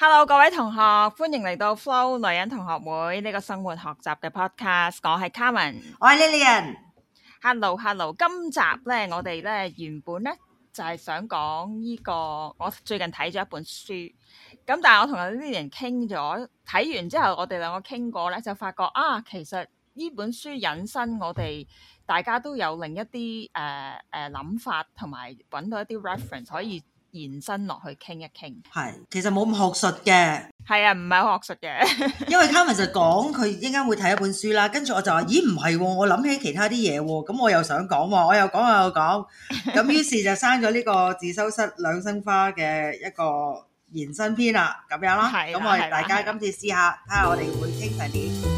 Hello，各位同學，歡迎嚟到 Flo 女人同學會呢個生活學習嘅 podcast，我係 Carmen，我係 Lillian。Hello，Hello，hello. 今集咧，我哋咧原本咧就係想講呢個，我最近睇咗一本書，咁但係我同 Lillian 傾咗，睇完之後我哋兩個傾過咧，就發覺啊，其實呢本書引申我哋大家都有另一啲誒誒諗法，同埋揾到一啲 reference 可以。延伸落去傾一傾，係其實冇咁學術嘅，係啊，唔係好學術嘅。 因為 Carmen 就講佢依家會睇一本書啦，跟住我就話：咦，唔係喎，我諗起其他啲嘢喎，咁我又想講喎，我又講我又講，咁於是就生咗呢個自修室兩生花嘅一個延伸篇啦，咁樣咯。咁 我哋大家今次試下，睇下我哋會傾成點。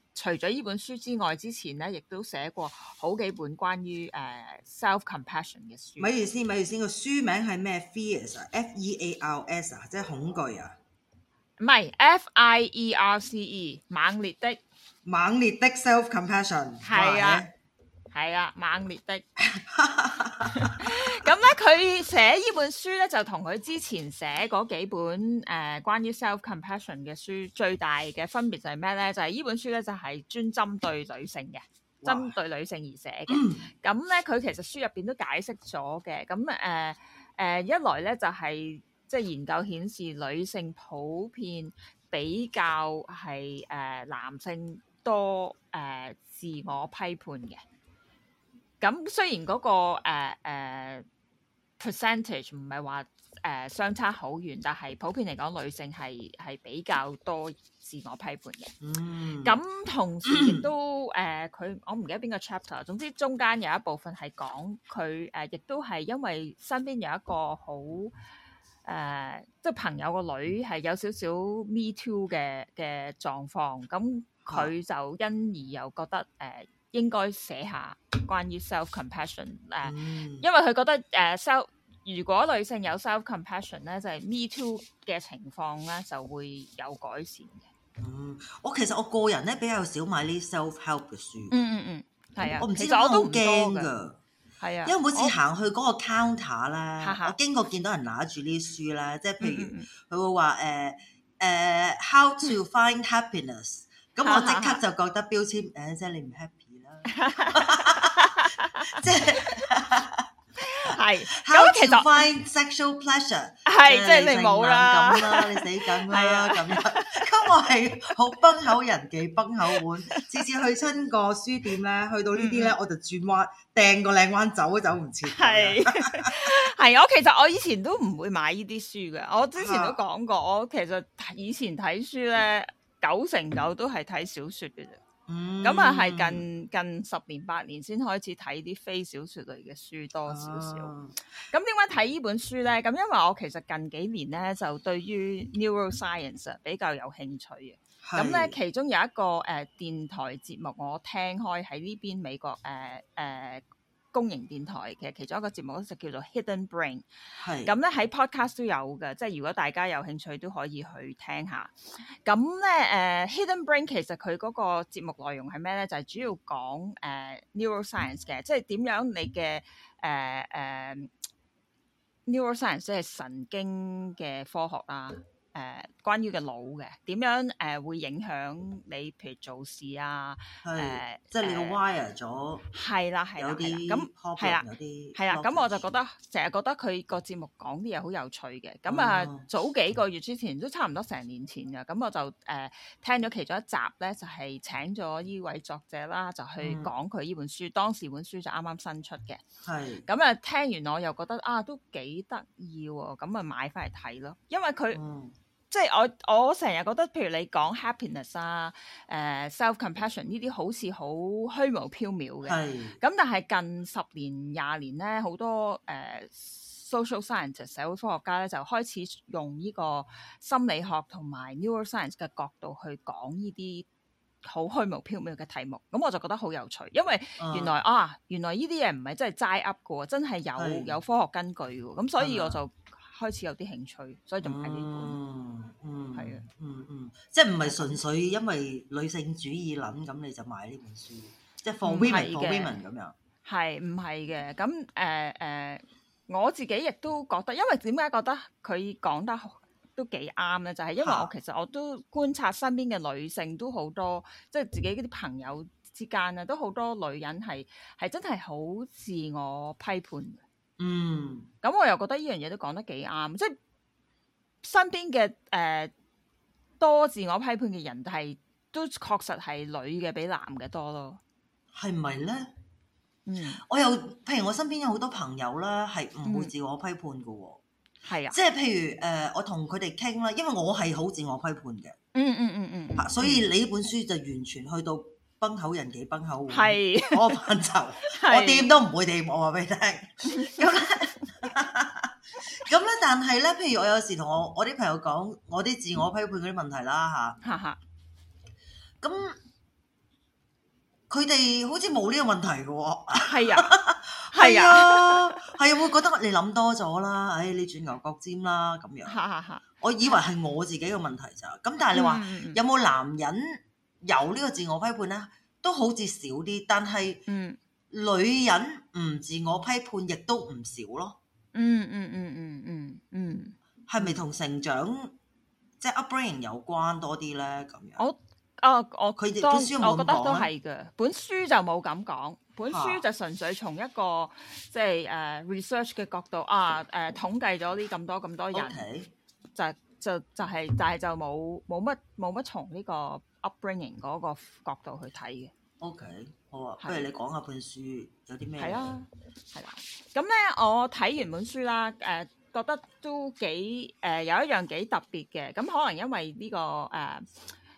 除咗呢本書之外，之前咧亦都寫過好幾本關於誒、uh, self compassion 嘅書。咪住先，咪住先個書名係咩？Fears，F E A R S 啊，即係恐懼啊？唔係，Fierce，F I E R C E, 猛烈的，猛烈的 self compassion，係啊。係啊，猛烈的咁咧，佢 寫呢本書咧就同佢之前寫嗰幾本誒、呃、關於 self compassion 嘅書最大嘅分別就係咩咧？就係、是、呢本書咧就係專針對女性嘅，針哇對女性而寫嘅。咁咧、嗯，佢其實書入邊都解釋咗嘅。咁誒誒，一來咧就係即係研究顯示女性普遍比較係誒、呃、男性多誒、呃、自我批判嘅。咁雖然嗰個誒誒 percentage 唔係話誒相差好遠，但係普遍嚟講，女性係係比較多自我批判嘅。嗯，咁同時亦都誒，佢我唔記得邊個 chapter。總之中間有一部分係講佢誒，亦都係因為身邊有一個好誒，即係朋友個女係有少少 me too 嘅嘅狀況，咁佢就因而又覺得誒。應該寫下關於 self compassion 誒，compass ion，嗯、因為佢覺得誒、uh, self 如果女性有 self compassion 咧，compass ion，就係 me too 嘅情況咧，就會有改善嘅。嗯，我其實我個人咧比較少買呢 self help 嘅書。嗯嗯嗯，係、嗯嗯嗯、啊，啊，我唔知我都驚㗎，係啊，因為每次行去嗰個 counter 咧，嗯嗯嗯、我經過見到人攞住呢啲書咧，即係譬如佢會話誒誒，how to find happiness，咁、嗯嗯、我即刻就覺得標籤誒、呃呃，即係你唔 happy。 即係係，咁其實 find sexual pleasure 係，即係你冇啦，你死梗啦，咁啊 這樣，因為 我係好崩口人，忌崩口碗，次次去親個書店咧，去到呢啲咧， 我就轉彎掟個靚彎，走都走唔切，係係， 我其實我以前都唔會買呢啲書嘅。我之前都講過，我其實以前睇書咧，九成九，成九,九,九都係睇小說嘅啫。 咁啊，係、嗯、近近十年八年先開始睇啲非小說類嘅書多少少。咁點解睇呢本書呢？咁因為我其實近幾年呢，就對於 neuroscience 比較有興趣嘅。咁呢是、嗯、其中有一個誒、呃、電台節目我聽開喺呢邊美國誒誒。呃呃公營電台嘅其中一個節目就叫做 Hidden Brain，係咁咧喺是 Podcast 都有嘅，即係如果大家有興趣都可以去聽下。咁咧誒 Hidden Brain 其實佢嗰個節目內容係咩咧？就係、是、主要講誒 neuroscience 嘅，呃 ne 嗯、即係點樣你嘅誒誒、呃啊、neuroscience 係神經嘅科學啦。誒，關於嘅腦嘅點樣誒，會影響你譬如做事啊，誒，即係你嘅 wire 咗，係啦係啦，咁係啦，有啦，咁我就覺得成日覺得佢個節目講啲嘢好有趣嘅。咁啊，早幾個月之前都差唔多成年前㗎，咁我就誒聽咗其中一集咧，就係請咗呢位作者啦，就去講佢呢本書，當時本書就啱啱新出嘅。係。咁啊，聽完我又覺得啊，都幾得意喎，咁啊買翻嚟睇咯，因為佢。即係我我成日覺得，譬如你講 happiness 啊、uh,、誒 self compassion 呢啲，好似好虛無縹緲嘅。係是。咁但係近十年廿年咧，好多誒、uh, social scientist 社會科學家咧，就開始用呢個心理學同埋 neuroscience 嘅角度去講呢啲好虛無縹緲嘅題目。咁我就覺得好有趣，因為原來、uh huh. 啊，原來呢啲嘢唔係真係齋噏嘅，真係有是有科學根據嘅。咁所以我就。Uh huh. 開始有啲興趣，所以就買呢本。嗯嗯，係、嗯、啊，的嗯嗯，即係唔係純粹因為女性主義諗，咁你就買呢本書，即係放 women，咁樣。係唔係嘅？咁誒誒，我自己亦都覺得，因為點解覺得佢講得都幾啱咧？就係、是、因為我其實我都觀察身邊嘅女性都好多，啊、即係自己啲朋友之間咧，都好多女人係係真係好自我批判。嗯，咁我又覺得呢樣嘢都講得幾啱，即係身邊嘅誒多自我批判嘅人係都確實係女嘅比男嘅多咯，係咪咧？嗯，我又譬如我身邊有好多朋友啦，係唔會自我批判嘅，係、嗯、啊，即係譬如誒、呃、我同佢哋傾啦，因為我係好自我批判嘅、嗯，嗯嗯嗯嗯，嗯所以你呢本書就完全去到。崩口人幾崩口碗，我唔就，我掂都唔會掂。我話俾你聽。咁咧，咁咧，但係咧，譬如我有時同我我啲朋友講，我啲自我批判嗰啲問題啦，吓、嗯。咁佢哋好似冇呢個問題嘅喎。係啊，係啊，係啊， 會覺得你諗多咗啦，唉、哎，你轉牛角尖啦咁樣。嗯、我以為係我自己嘅問題咋，咁但係你話有冇男人？嗯嗯有呢個自我批判咧，都好似少啲，但係，嗯，女人唔自我批判亦都唔少咯，嗯嗯嗯嗯嗯嗯，係咪同成長即係 upbringing 有關多啲咧？咁樣，我啊我佢、啊啊、本書冇講，都係嘅，本書就冇咁講，本書就純粹從一個即係誒 research 嘅角度啊，誒、uh, 統計咗呢咁多咁多人，Okay. 就就就係、是、就係、是、就冇冇乜冇乜從呢個。upbringing 嗰個角度去睇嘅。OK，好啊，不如你講下本書係有啲咩？係啊，係啦、啊。咁咧，我睇完本書啦，誒、呃，覺得都幾誒、呃、有一樣幾特別嘅。咁可能因為呢、這個誒誒、呃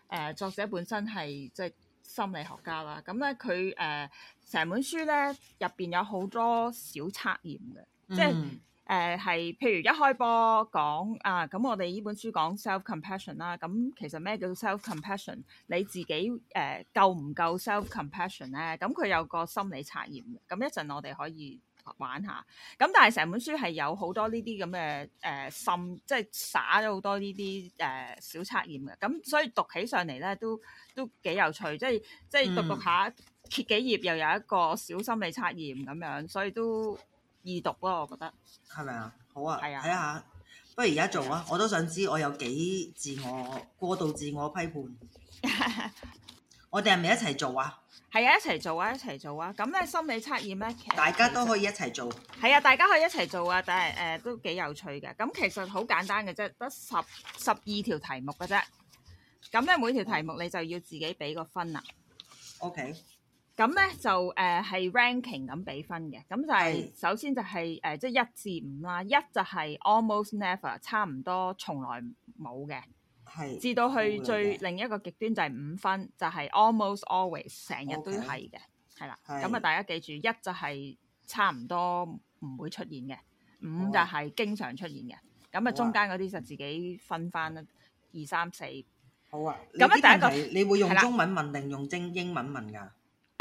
呃、作者本身係即係心理學家啦。咁咧，佢誒成本書咧入邊有好多小測驗嘅，嗯、即係。誒係、呃，譬如一開波講啊，咁我哋呢本書講 self compassion 啦。咁、啊、其實咩叫 self compassion？你自己誒、呃、夠唔夠 self compassion 咧？咁佢、啊、有個心理測驗嘅。咁一陣我哋可以玩下。咁、啊、但係成本書係有好多呢啲咁嘅誒心，即係灑咗好多呢啲誒小測驗嘅。咁、啊、所以讀起上嚟咧，都都幾有趣。即係即係讀讀下，揭、嗯、幾頁又有一個小心理測驗咁樣，所以都。易讀咯，我覺得係咪啊，係啊？好啊，睇下、啊。不如而家做啊！我都想知我有幾自我過度自我批判。 我哋係咪一齊做啊？係啊，一齊做啊，一齊做啊！咁咧心理測驗咧，其實大家都可以一齊做。係啊，大家可以一齊做啊，但係誒、呃、都幾有趣嘅。咁其實好簡單嘅啫，得十十二條題目嘅啫。咁咧每條題目你就要自己俾個分啦。OK。咁咧就誒、是、係、呃、ranking 咁俾分嘅，咁就係、是、是首先就係誒即係一至五啦，一就係 almost never，差唔多從來冇嘅，至是到去最另一個極端就係五分，就係、是、almost always，成日都係嘅，係啦。咁啊大家記住，一就係差唔多唔會出現嘅，五就係經常出現嘅。咁啊中間嗰啲就自己分翻啦，二三四。好啊，咁啊第一個你會用中文問定用英英文問㗎？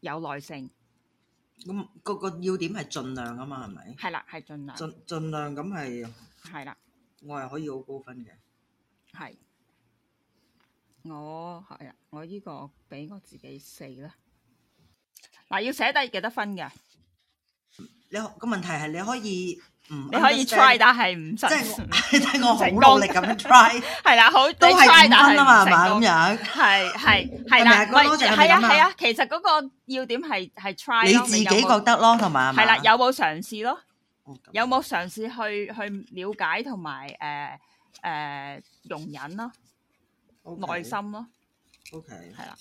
有耐性，咁、嗯、個，個要點係盡量啊嘛，係咪？係啦，係盡量盡盡量咁係，係啦的，我係可以好高分嘅，係，我係啊，我呢個俾我自己四啦，嗱、啊，要寫低幾多分嘅？你個問題係你可以。唔，你可以 try，但係唔實。即係你睇我好努力咁樣 try。係啦，好都係五分啊嘛，係嘛咁樣。係係係啦，唔係係啊係啊，其實嗰個要點係係 try。你自己覺得咯，同埋係啦，有冇嘗試咯？有冇嘗試去去了解同埋誒誒容忍咯，耐心咯。OK。係啦，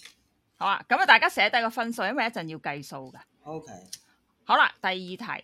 好啊，咁啊，大家寫低個分數，因為一陣要計數㗎。OK。好啦，第二題。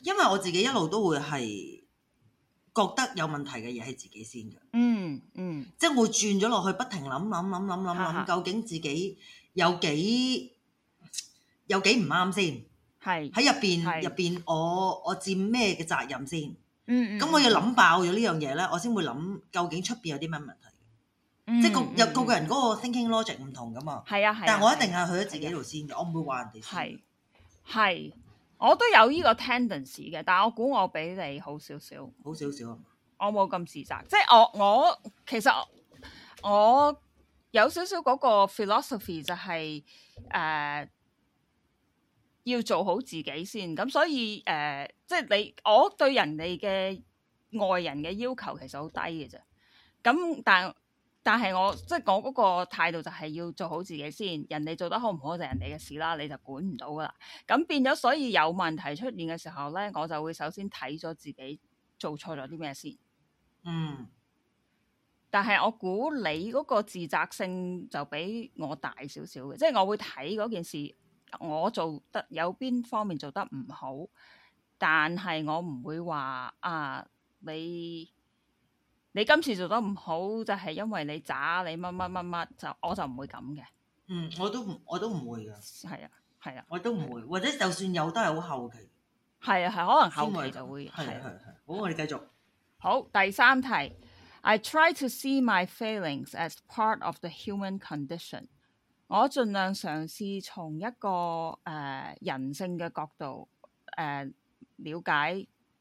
因為我自己一路都會係覺得有問題嘅嘢係自己先嘅，嗯嗯，即係我轉咗落去，不停諗諗諗諗諗諗，究竟自己有幾唔啱先，係喺入邊入邊，我我佔咩嘅責任先？嗯嗯，咁我要諗爆咗呢樣嘢咧，我先會諗究竟出邊有啲咩問題。即係個個個人嗰個 thinking logic 唔同噶嘛，係啊係。但係我一定係去咗自己度先嘅，我唔會話人哋係係。我都有呢個 tendency 嘅，但係我估我比你好少少，好少少啊，我冇咁自責，即係我我其實我，我有少少嗰個 philosophy 就係、是、誒、呃、要做好自己先，咁所以誒、呃、即係你我對人哋嘅外人嘅要求其實好低嘅啫，咁但係。但係我即係我嗰個態度就係要做好自己先，人哋做得好唔好就係人哋嘅事啦，你就管唔到噶啦。咁變咗，所以有問題出現嘅時候咧，我就會首先睇咗自己做錯咗啲咩先。嗯。但係我估你嗰個自責性就比我大少少嘅，即係我會睇嗰件事，我做得有邊方面做得唔好，但係我唔會話啊你。你今次做得唔好，就係、是、因為你渣，你乜乜乜乜，就我就唔會咁嘅。嗯，我都我都唔會㗎。係啊，係啊，我都唔會，、啊啊、會，啊、或者就算有都係好後期。係啊，係可能後期就會。係係係。好，我哋繼續。好，第三題。I try to see my feelings as part of the human condition。我盡量嘗試從一個誒、呃、人性嘅角度誒、呃、了解。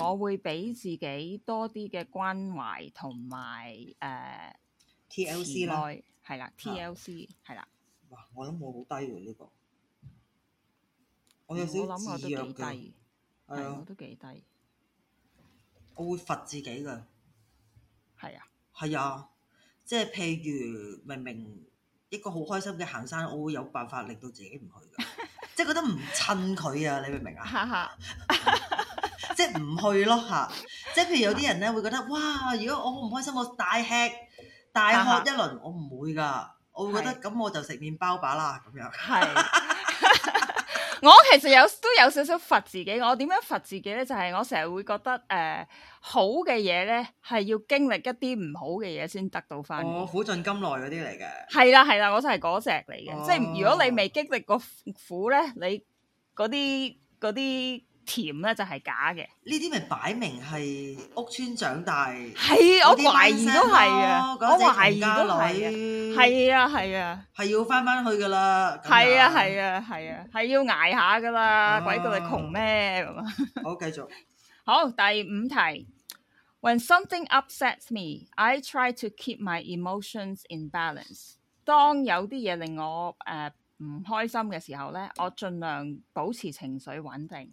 我會俾自己多啲嘅關懷同埋誒，TLC 咯，係啦，TLC 係啦。哇，我諗我好低嘅呢個，我有少少自虐嘅，係我都幾低。我都幾低，我會罰自己噶，係啊的，係啊，即係譬如明明一個好開心嘅行山，我會有辦法令到自己唔去嘅， 即係覺得唔襯佢啊，你明唔明啊？哈哈。即係唔去咯吓，即係譬如有啲人咧會覺得哇，如果我好唔開心，我大吃大喝一輪，我唔會噶，我會覺得咁、啊、我就食麵包吧啦咁樣。係，我其實有都有少少罰自己，我點樣罰自己咧？就係、是、我成日會覺得誒、呃，好嘅嘢咧係要經歷一啲唔好嘅嘢，先得到翻。我苦盡甘來嗰啲嚟嘅。係、嗯嗯、啦係啦，我就係嗰隻嚟嘅，哦、即係如果你未經歷過苦咧，你啲嗰啲。甜咧就係假嘅。呢啲咪擺明係屋邨長大？係，我懷疑都係啊。我懷疑都係啊。係啊，係啊，係要返返去㗎喇。係啊，係啊，係啊，係要捱下㗎喇。鬼叫你窮咩咁啊！好，繼續。好，第五題。When something upsets me, I try to keep my emotions in balance。當有啲嘢令我誒唔開心嘅時候咧，我盡量保持情緒穩定。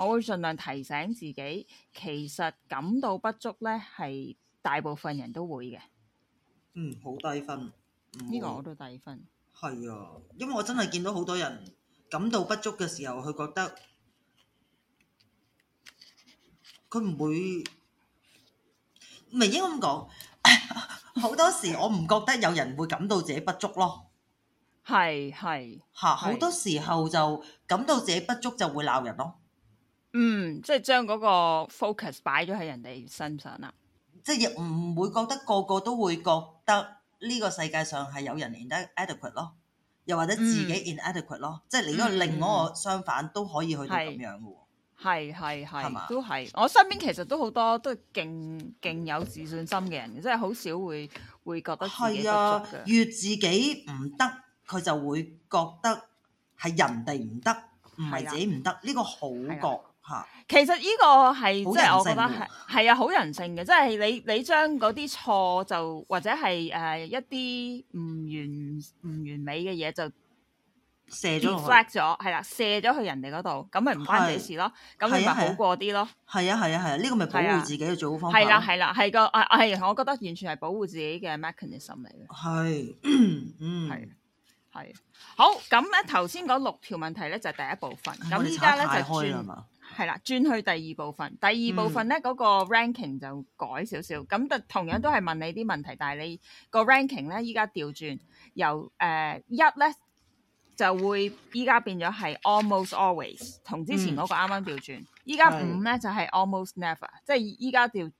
我會盡量提醒自己，其實感到不足咧，係大部分人都會嘅。嗯，好低分，呢個我都低分。係啊，因為我真係見到好多人感到不足嘅時候，佢覺得佢唔會，唔應該咁講。好多時我唔覺得有人會感到自己不足咯。係係吓，好多時候就感到自己不足，就會鬧人咯。嗯，即係將個 focus 擺咗喺人哋身上啦，即係亦唔會覺得個個都會覺得呢個世界上係有人 in adequate 咯，又或者自己 in adequate 咯，嗯、即係你個另外一個相反都可以去到咁樣嘅，係係係都係。我身邊其實都好多都係勁勁有自信心嘅人，即係好少會會覺得係啊，越自己唔得，佢就會覺得係人哋唔得，唔係 自己唔得呢個好覺。是的。 其實呢個係，即係我覺得係係啊，好人性嘅，即係你你將嗰啲錯就或者係誒一啲唔完唔完美嘅嘢就卸咗 r 咗，係啦，卸咗去人哋嗰度，咁咪唔關你事咯，咁咪好過啲咯。係啊係啊係啊，呢個咪保護自己嘅最好方法。係啦係啦係個，係我覺得完全係保護自己嘅 mechanism 嚟嘅。係，嗯係係好。咁咧頭先講六條問題咧就係第一部分。咁依家咧就轉。係啦，轉去第二部分。第二部分咧，嗰、嗯、個 ranking 就改少少。咁，但同樣都係問你啲問題，但係你個 ranking 咧，依家調轉由誒一咧就會依家變咗係 almost always，同之前嗰個啱啱調轉。依家五咧就係、是、almost never，的即係依家調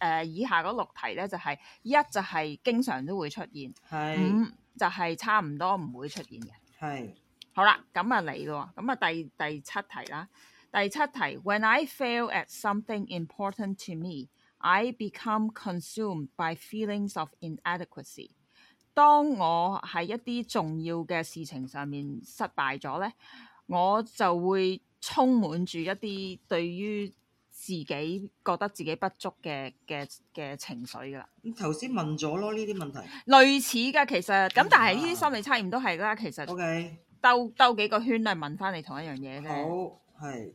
誒以下嗰六題咧就係、是、一就係經常都會出現，五的，就係差唔多唔會出現嘅。係的好啦，咁啊嚟咯，咁啊第第七題啦。第七題，When I fail at something important to me, I become consumed by feelings of inadequacy。當我喺一啲重要嘅事情上面失敗咗呢，我就會充滿住一啲對於自己覺得自己不足嘅嘅嘅情緒噶啦。咁頭先問咗咯，呢啲問題類似噶，其實咁但係呢啲心理測驗都係啦，其實。Okay. 兜兜幾個圈嚟問翻你同一樣嘢嘅。好，係。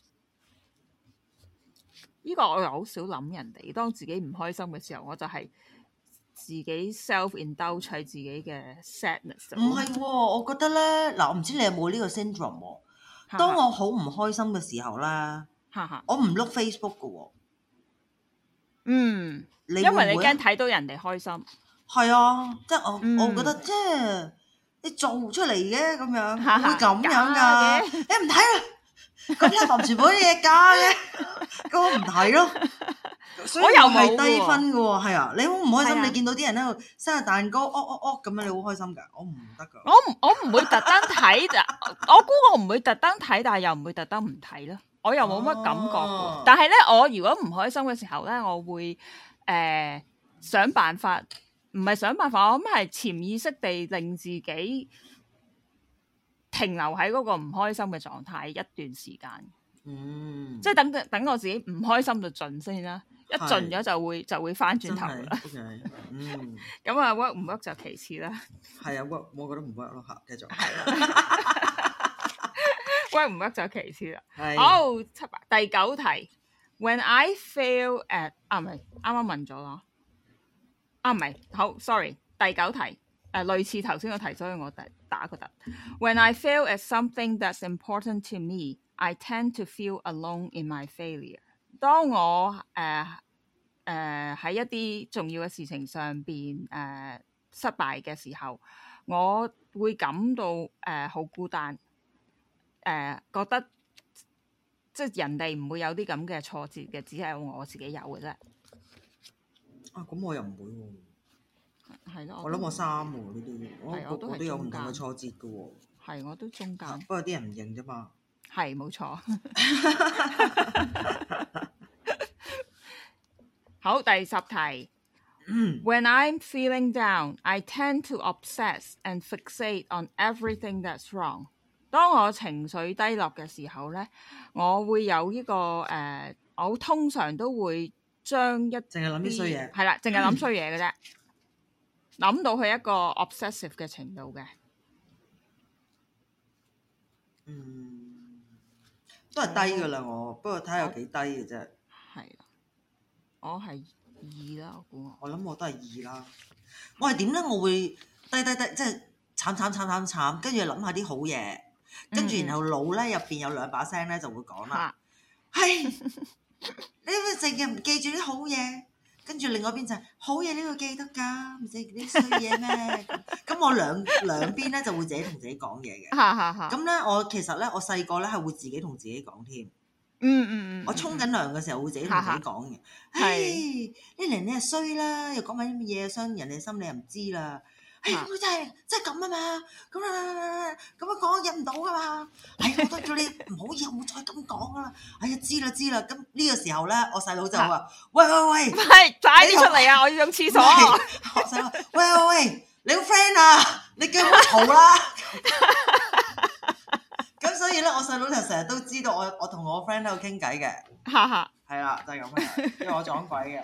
呢個我又好少諗人哋，當自己唔開心嘅時候，我就係自己 self indulge 自己嘅 sadness。唔係喎，我覺得咧，嗱，我唔知你有冇呢個 syndrome、啊。當我好唔開心嘅時候啦， 我唔 look Facebook 嘅喎、啊。嗯，你會會因為你驚睇到人哋開心。係啊，即、就、係、是、我，我覺得即、欸、你做出嚟嘅咁樣， 的會咁樣㗎？你唔睇啦。咁又全部啲嘢加嘅，咁我唔睇咯。我又係低分嘅喎，係啊，你好唔開心。你見到啲人喺度生日蛋糕，哦哦哦，咁樣你好開心噶，我唔得噶。我唔我唔會特登睇，我估我唔會特登睇，但係又唔會特登唔睇咯。我又冇乜感覺，哦、但係咧，我如果唔開心嘅時候咧，我會誒、呃、想辦法，唔係想辦法，我諗係潛意識地令自己。停留喺嗰個唔開心嘅狀態一段時間，嗯，即係等等我自己唔開心就盡先啦，一盡咗就會就會翻轉頭啦。O K，嗯，咁啊 work 唔 work 就其次啦。係啊，work 我覺得唔 work 咯嚇，繼續。work 唔 work 就其次啦。係。好，七啊，第九題。When I fail at，誒啊唔係，啱啱問咗啦。啊唔係，好，sorry，第九題。誒、呃、類似頭先我提出嘅，所以我打，打個突。When I fail at something that's important to me, I tend to feel alone in my failure。當我誒誒喺一啲重要嘅事情上邊誒、呃、失敗嘅時候，我會感到誒好、呃、孤單，誒、呃、覺得即係人哋唔會有啲咁嘅挫折嘅，只係我自己有嘅啫。啊，咁我又唔會喎、啊。係咯，我諗我三喎呢啲，我個個都有唔同嘅挫折嘅喎。係，我都中間。不過啲人唔認啫嘛。係，冇錯。好，第十題。When I'm feeling down, I tend to obsess and fixate on everything that's wrong。當我情緒低落嘅時候咧，我會有呢個誒，我通常都會將一，淨係諗啲衰嘢，係啦，淨係諗衰嘢嘅啫。諗到佢一個 obsessive 嘅程度嘅，嗯，都係低嘅啦我，不過睇下有幾低嘅啫。係啊 我係二啦，我諗。我諗我都係二啦，我係點咧？我會低低低，即係慘慘慘慘慘，跟住諗下啲好嘢，跟、呃、住、呃呃呃呃呃、然後腦咧入邊有兩把聲咧就會講啦，係 你會成日唔記住啲好嘢。跟住另外一邊就係、好嘢你會記得㗎，唔使呢衰嘢咩？咁 我兩兩邊咧就會自己同自己講嘢嘅。咁咧 我其實咧我細個咧係會自己同自己講添。嗯嗯嗯，我沖緊涼嘅時候會自己同自己講嘅。係呢輪你係衰啦，又講緊啲乜嘢傷人哋心理，你又唔知啦。誒，佢、嗯哎、真係即係咁啊嘛，咁樣咁樣講忍唔到噶嘛，哎我多咗你唔好，以後唔好再咁講啦，哎呀，哎呀知啦知啦，咁呢個時候咧，我細佬就話，喂喂喂，唔係快啲出嚟啊？說，我要上廁所。我細佬，喂喂喂，你個 friend 啊，你叫好嘈啦。咁 所以咧，我細佬就成日都知道我我同我 friend 喺度傾偈嘅，係啦， 就係咁嘅，因為我撞鬼嘅。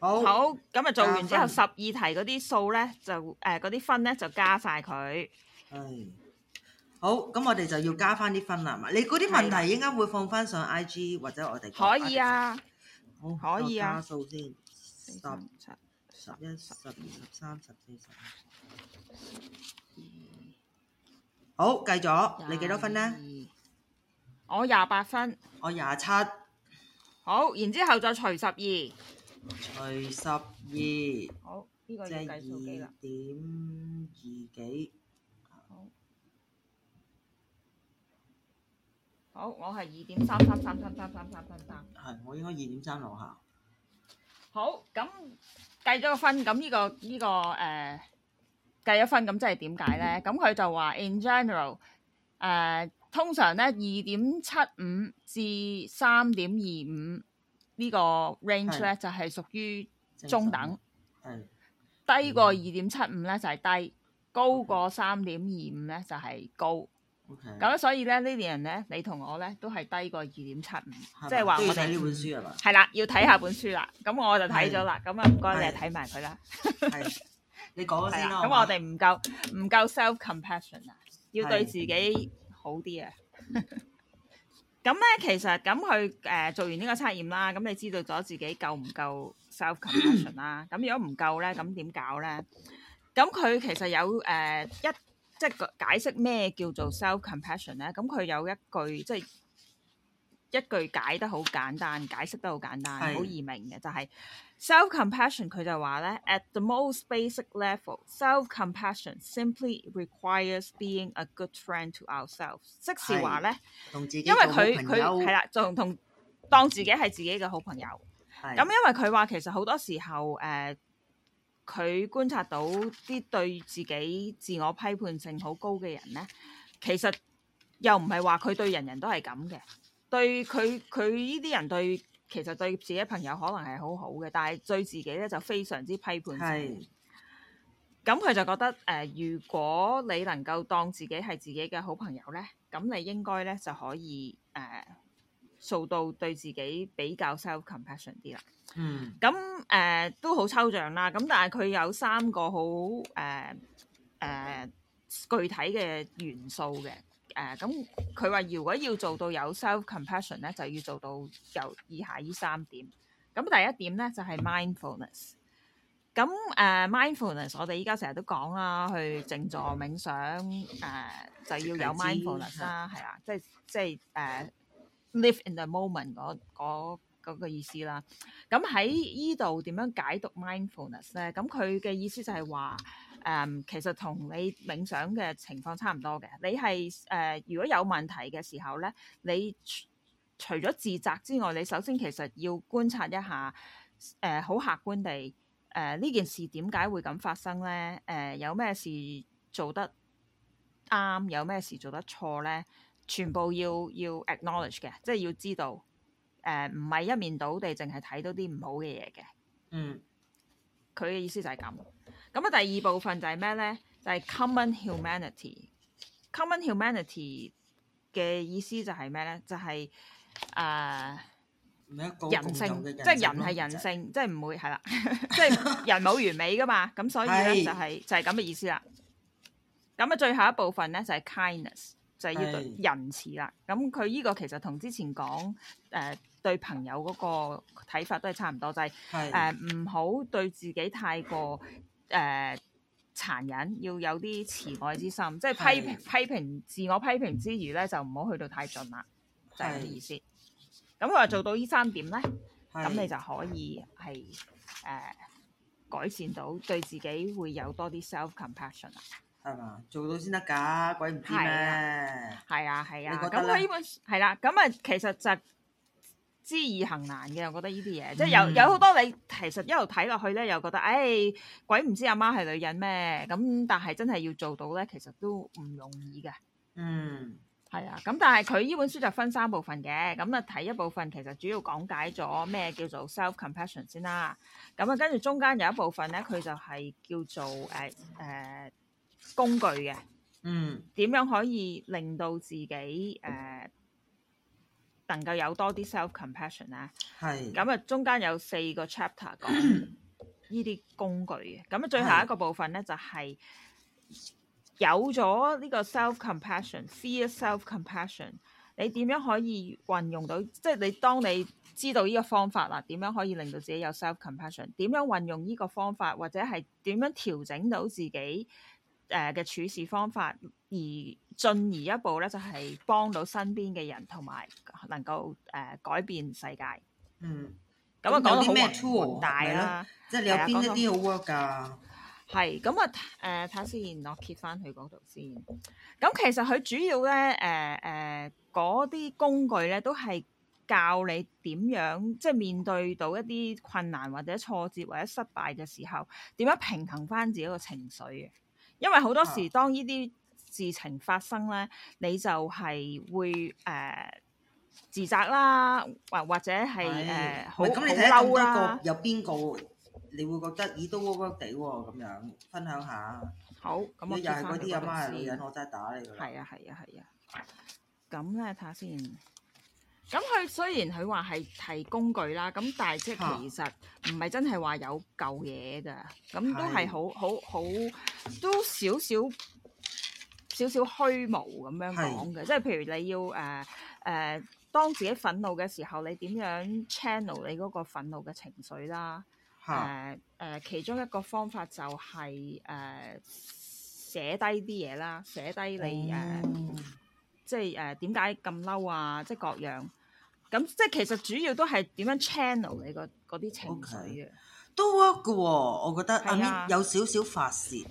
好，咁啊，做完之後十二題嗰啲數咧就誒嗰啲分咧就加晒佢。係，好，咁我哋就要加翻啲分啦，係嘛？你嗰啲問題應該會放翻上 IG 的或者我哋。可以啊，好，可以啊。加數先，十、啊、七、十一、十二、十三、十四、十五。好，計咗 22, 你幾多分呢？我廿八分。我廿七。好，然之後再除十二。除十二，隨 12, 好呢、這個要計數機啦？點二幾？好，我係二點三三三三三三三三。係，我應該二點三樓下。好，咁計咗個分，咁呢、這個呢、這個誒計咗分，咁即係點解咧？咁佢就話，in general，誒、uh,，通常咧二點七五至三點二五。呢個 range 咧是就係屬於中等，的低過二點七五咧就係、是、低，高過三點二五咧就係、是、高。咁 Okay. 所以咧 Lilian 咧，你同我咧都係低過二點七五，即係話我哋睇呢本書係嘛？係啦，要睇下本書啦。咁我就睇咗啦。咁啊唔該你睇埋佢啦。係， 你講先說。咁我哋唔夠唔夠 self compassion 啊，要對自己好啲啊。 咁咧，其實咁佢誒做完呢個測驗啦，咁、嗯、你知道咗自己夠唔夠 self compassion 啦？咁、嗯、如果唔夠咧，咁點搞咧？咁、嗯、佢、嗯嗯嗯、其實有誒一即係解釋咩叫做 self compassion 咧？咁佢、嗯、有一句即係。就是一句解得好簡單，解釋得好簡單，好的易明嘅就係、是、self compassion，佢就話咧，at the most basic level，self compassion simply requires being a good friend to ourselves，即是話咧，同自己做好朋友，係啦，就同當自己係自己嘅好朋友。咁的因為佢話其實好多時候誒，佢、呃、觀察到啲對自己自我批判性好高嘅人咧，其實又唔係話佢對人人都係咁嘅。對，佢佢呢啲人對其實對自己朋友可能係好好嘅，但係對自己咧就非常之批判性。係咁是，佢就覺得誒、呃，如果你能夠當自己係自己嘅好朋友咧，咁你應該咧就可以誒、呃、做到對自己比較 self compassion 啲啦。嗯，咁誒、呃、都好抽象啦。咁但係佢有三個好誒誒具體嘅元素嘅。誒咁，佢話、uh, 如果要做到有 self compassion 咧，就要做到有以下呢三點。咁第一點咧就係、是、mindfulness。咁誒、uh, mindfulness，我哋依家成日都講啦、啊，去靜坐冥想誒，uh, 就要有 mindfulness 啦對，係啦、啊，即係即係誒 live in the moment 嗰、那個意思啦。咁喺依度點樣解讀 mindfulness 咧？咁佢嘅意思就係話。誒，um, 其實同你冥想嘅情況差唔多嘅。你係誒、呃，如果有問題嘅時候咧，你除除咗自責之外，你首先其實要觀察一下，誒、呃，好客觀地，誒、呃，呢件事點解會咁發生咧？誒、呃，有咩事做得啱，有咩事做得錯咧？全部要要 acknowledge 嘅，即係要知道，誒、呃，唔係一面倒地，淨係睇到啲唔好嘅嘢嘅。嗯，佢嘅意思就係咁。咁啊，第二部分就係咩咧？就係、是、com common humanity。common humanity 嘅意思就係咩咧？就係、是、誒、呃、人，人性，即、就、係、是、人係人性，即係唔會係啦，即係 人冇完美噶嘛。咁所以咧 就係、是、就係咁嘅意思啦。咁啊是，最後一部分咧就係 kindness，就係要對仁慈啦。咁佢呢個其實同之前講誒、呃、對朋友嗰個睇法都係差唔多，就係誒唔好對自己太過。誒殘忍要有啲慈愛之心，即係批批評自我批評之餘咧，就唔好去到太盡啦，就係咁嘅意思。咁佢話做到呢三點咧，咁你就可以係誒改善到對自己會有多啲 self compassion 啦。係嘛？做到先得㗎，鬼唔知咩？係啊係啊，咁佢呢本係啦，咁啊其實就。知易行難嘅，我覺得呢啲嘢，即係有有好多你其實一路睇落去咧，又覺得，唉、哎，鬼唔知阿媽係女人咩？咁但係真係要做到咧，其實都唔容易嘅。嗯，係啊。咁但係佢呢本書就分三部分嘅，咁啊睇一部分其實主要講解咗咩叫做 self compassion 先啦。咁啊，跟住中間有一部分咧，佢就係叫做誒誒、呃呃、工具嘅。嗯。點樣可以令到自己誒呃能夠有多啲 self compassion 啦，係咁啊，是中間有四個 chapter 講依啲工具嘅，咁啊， 最後一個部分咧就係、是、有咗呢個 self compassion，fierce self compassion，你點樣可以運用到？即係你當你知道呢個方法啦，點樣可以令到自己有 self compassion？點樣運用呢個方法，或者係點樣調整到自己？誒嘅、呃、處事方法，而進而一步咧，就係、是、幫到身邊嘅人，同埋能夠誒、呃、改變世界。嗯，咁啊，講啲咩 tool 啦，即係你有邊一啲好 work 噶？係咁啊！誒的，睇下、呃、先，我揭翻佢嗰度先。咁其實佢主要咧，誒誒嗰啲工具咧，都係教你點樣即係面對到一啲困難或者挫折或者失敗嘅時候，點樣平衡翻自己個情緒嘅。因為好多時、啊、當呢啲事情發生咧，你就係會誒、呃、自責啦，或或者係誒好你睇嬲啦。有邊個你會覺得耳都烏烏地喎？咁樣，樣，樣分享下。好，咁我又係嗰啲又咪女人，我真係打你㗎。係啊，係啊，係啊。咁咧睇下先。咁佢雖然佢話係提工具啦，咁但係即係其實唔係真係話有舊嘢㗎，咁、啊、都係是好好好，都少少少少虛無咁樣講嘅，是即係譬如你要誒誒、呃呃、當自己憤怒嘅時候，你點樣 channel 你嗰個憤怒嘅情緒啦？誒誒、啊啊呃、其中一個方法就係誒寫低啲嘢啦，寫低你誒、嗯嗯、即係誒點解咁嬲啊？即係各樣。咁即係其實主要都係點樣 channel 你個嗰啲情緒 k 嘅，okay. 都 work 噶、哦，我覺得阿咪的有少少發泄。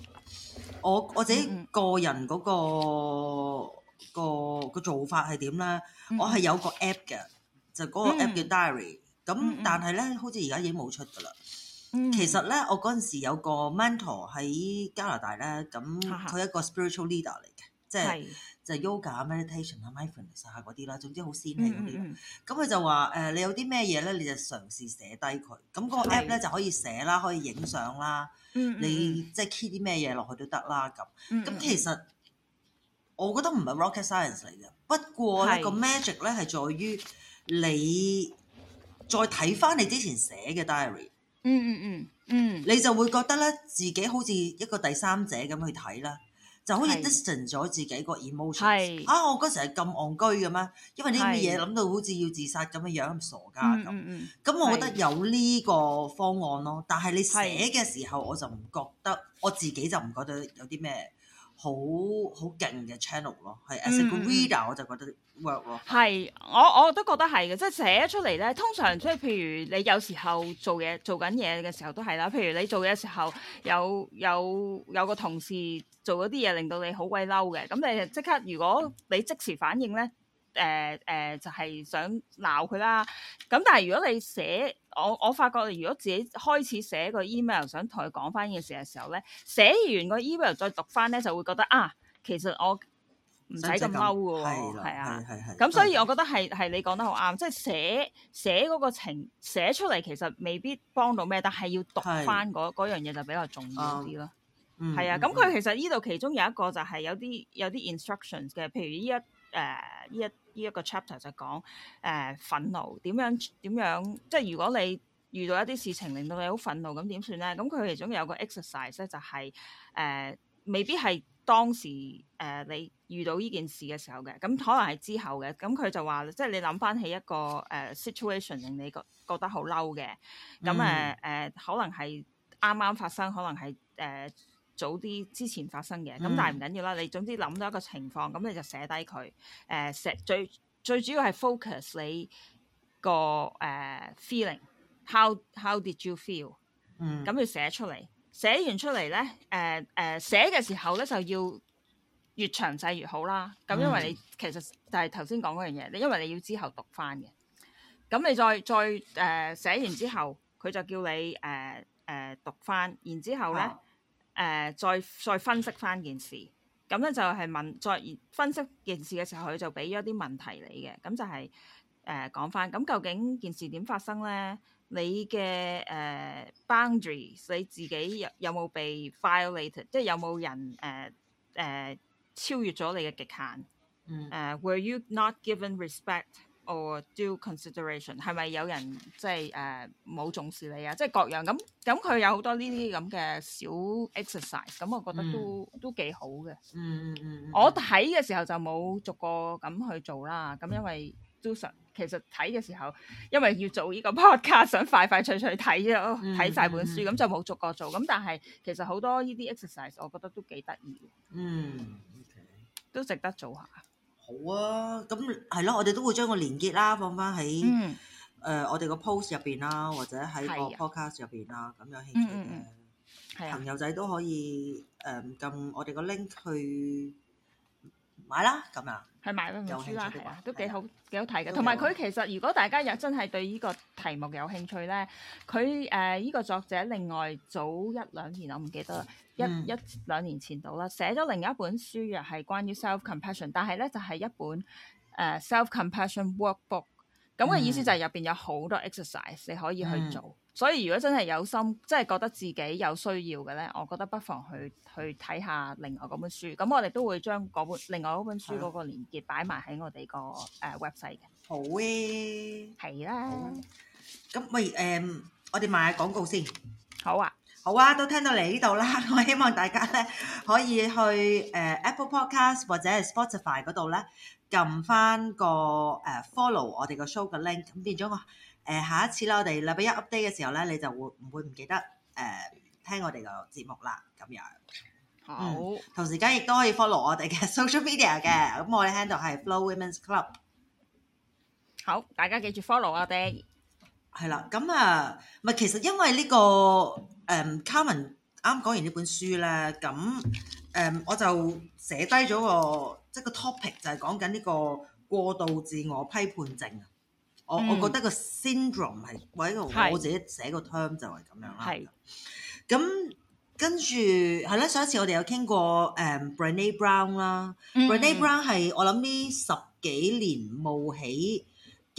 我我自己個人、嗰個嗯嗯個個,個做法係點咧？我係有個 app 嘅，就個 app 叫 diary。咁但係咧，好似而家已經冇出㗎啦。其實咧，我陣時有個 mentor 喺加拿大咧，咁佢一個 spiritual leader 嚟。即係是就 yoga、meditation 啊、mindfulness 啊嗰啲啦，總之好鮮氣嗰啲。咁佢、嗯嗯嗯、就話誒、呃，你有啲咩嘢咧，你就嘗試寫低佢。咁嗰個 app 咧是就可以寫啦，可以影相啦。嗯嗯你即係 keep 啲咩嘢落去都得啦。咁咁、嗯嗯、其實我覺得唔係 rocket science 嚟嘅，不過呢是個 magic 咧係在於你再睇翻你之前寫嘅 diary。嗯嗯嗯嗯，你就會覺得咧自己好似一個第三者咁去睇啦。就好似 distance 咗自己個 emotion 是啊！我嗰時係咁戇居嘅咩？因為呢啲嘢諗到好似要自殺咁樣咁傻噶咁。咁、嗯嗯嗯、我覺得有呢個方案咯，是但係你寫嘅時候，我就唔覺得是我自己就唔覺得有啲咩。好好勁嘅 channel 咯，係 as a reader、嗯、我就覺得 work 咯。係我我都覺得係嘅，即係寫出嚟咧，通常即係譬如你有時候做嘢做緊嘢嘅時候都係啦，譬如你做嘢嘅時候有有有個同事做咗啲嘢令到你好鬼嬲嘅，咁你即刻如果你即時反應咧，誒、呃、誒、呃、就係、是、想鬧佢啦。咁但係如果你寫我我發覺，如果自己開始寫個 email 想同佢講翻呢件事嘅時候咧，寫完個 email 再讀翻咧，就會覺得啊，其實我唔使咁嬲踎嘅喎，係係咁，所以我覺得係係你講得好啱，即係寫寫個情寫出嚟其實未必幫到咩，但係要讀翻嗰嗰樣嘢就比較重要啲咯。係啊，咁、嗯、佢的、嗯、其實呢度其中有一個就係有啲有啲 instructions 嘅，譬如依一誒呢一。呃呢一個 chapter 就講誒、呃、憤怒點樣點樣，即係如果你遇到一啲事情令到你好憤怒，咁點算咧？咁佢其中有一個 exercise 咧、就係，就係誒未必係當時誒、呃、你遇到呢件事嘅時候嘅，咁可能係之後嘅。咁佢就話，即係你諗翻起一個誒、呃、situation 令你覺覺得好嬲嘅，咁誒誒可能係啱啱發生，可能係誒。呃早啲之前發生嘅咁，但係唔緊要啦。你總之諗到一個情況咁，嗯、你就寫低佢。誒、呃，寫最最主要係 focus 你、那個誒、uh, feeling。How how did you feel？嗯，咁你寫出嚟，寫完出嚟咧。誒、呃、誒、呃，寫嘅時候咧就要越詳細越好啦。咁因為你、嗯、其實就係頭先講嗰樣嘢，你因為你要之後讀翻嘅。咁你再再誒、呃、寫完之後，佢就叫你誒誒、呃呃、讀翻，然之後咧。啊誒、uh, 再再分析翻件事，咁咧就係、是、問再分析件事嘅時候，佢就俾咗啲問題你嘅，咁就係誒講翻咁究竟件事點發生咧？你嘅誒、uh, boundary 你自己有有冇被 violated，即係有冇人誒誒、uh, uh, 超越咗你嘅極限？誒、uh, Were you not given respect？do consideration 係咪有人即係誒冇重視你啊？即係各樣咁咁，佢有好多呢啲咁嘅小 exercise，咁我覺得都都幾好嘅、嗯。嗯嗯嗯。我睇嘅時候就冇逐個咁去做啦，咁因為都常通常其實睇嘅時候，因為要做呢個 podcast，想快快脆脆睇咗睇晒本書咁、嗯嗯嗯、就冇逐個做。咁但係其實好多呢啲 exercise，我覺得都幾得意嗯，okay. 都值得做下。好、哦、啊，咁係咯，我哋都會將個連結啦放翻喺誒我哋個 post 入邊啦，或者喺個 podcast 入邊啦，咁、啊、有興趣嘅朋友仔都可以誒撳我哋個 link 去買啦，咁啊，去買啦，有啦。係啊，都幾好，幾、啊、好睇嘅。同埋佢其實如果大家若真係對呢個題目有興趣咧，佢誒呢個作者另外早一兩年我唔記得啦。嗯、一一兩年前度啦，寫咗另一本書又係關於 self compassion，但係咧就係、是、一本誒、呃、self compassion workbook。咁嘅意思就係入邊有好多 exercise 你可以去做，嗯、所以如果真係有心，即係覺得自己有需要嘅咧，我覺得不妨去去睇下另外嗰本書。咁我哋都會將本另外嗰本書嗰個連結擺埋喺我哋個誒 website 嘅。好咧，係啦。咁喂誒，我哋賣下廣告先。好啊。好啊，都聽到你呢度啦！我希望大家咧可以去誒、呃、Apple Podcast，或者係 Spotify 嗰度咧撳翻個誒、呃、follow 我哋個 show 嘅 link，咁變咗我誒下一次啦，我哋禮拜一 update 嘅時候咧，你就會唔會唔記得誒、呃、聽我哋嘅節目啦？咁樣好、嗯，同時間亦都可以 follow 我哋嘅 social media 嘅，咁我哋 handle 係 Flo Women’s Club。好，大家記住 follow 我哋。嗯係啦，咁啊，唔係其實因為呢、這個誒、嗯、，Carmen 啱講完呢本書咧，咁誒、嗯、我就寫低咗個即係個 topic 就係講緊呢個過度自我批判症啊。我我覺得個 syndrome 係，我、嗯、我自己寫個 term 就係咁樣啦。係咁的的跟住係啦，上一次我哋有傾過誒、嗯、，Brene Brown 啦，Brene、嗯嗯、Brown 係，我諗呢十幾年冒起。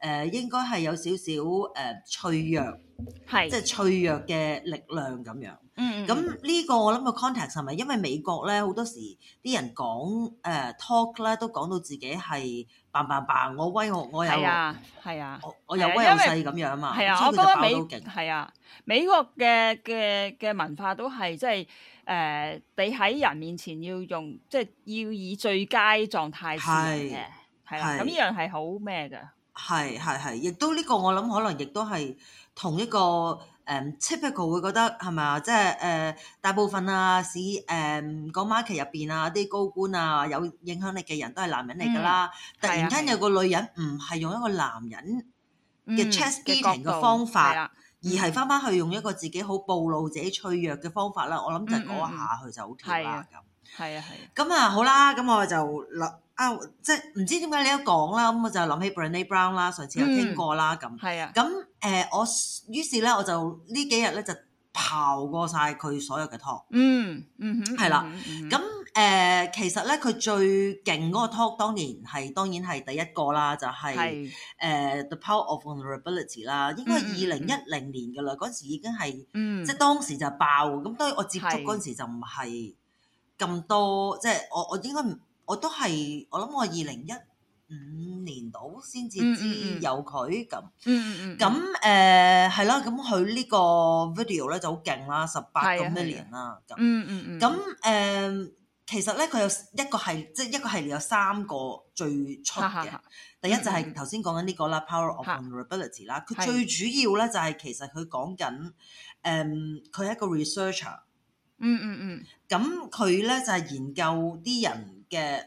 誒應該係有少少誒脆弱，係即係脆弱嘅力量咁樣。嗯，咁呢個我諗個 context 係咪因為美國咧好多時啲人講誒 talk 啦，都講到自己係，吧吧吧，我威我我有，係啊，係啊，我我有威有勢咁樣啊嘛。係啊，我覺得美係啊，美國嘅嘅嘅文化都係即係誒，你喺人面前要用即係要以最佳狀態出現啦。咁呢樣係好咩㗎？係係係，亦都呢個我諗可能亦都係同一個誒、嗯、typical 會覺得係咪啊？即係誒大部分啊市誒個 market 入邊啊啲高官啊有影響力嘅人都係男人嚟㗎啦，突然間有個女人唔係用一個男人嘅 chasing 嘅方法，啊啊啊、而係翻翻去用一個自己好暴露自己脆弱嘅方法啦，嗯、我諗就嗰下佢就好跳啦咁。嗯係 啊，係、嗯、啊，咁啊好啦，咁我就諗啊，即係唔知點解你一講啦，咁我就諗起 Brene Brown 啦，上次有聽過啦，咁係啊，咁誒我於是咧我就呢幾日咧就刨過晒佢所有嘅 talk，嗯嗯，係啦，咁誒其實咧佢最勁嗰個 talk，當年係當然係第一個啦，就係、是、誒是、uh, The Power of Vulnerability 啦，應該係二零一零年㗎啦，嗰、啊嗯、時已經係即係當時就爆咁，所以我接觸嗰陣時就唔係是的 是。咁多，即係我我應該我都係我諗我二零一五年度先至知有佢咁，咁誒係啦，咁佢呢個 video 咧就好勁啦，十八個 million 啦，咁、啊，咁誒其實咧佢有一個係即係一個系列有三個最出嘅， 第一就係頭先講緊呢、這個啦 ，Power of Vulnerability 啦，佢最主要咧就係其實佢講緊誒佢係一個 researcher。嗯嗯嗯，咁佢咧就係、是、研究啲人嘅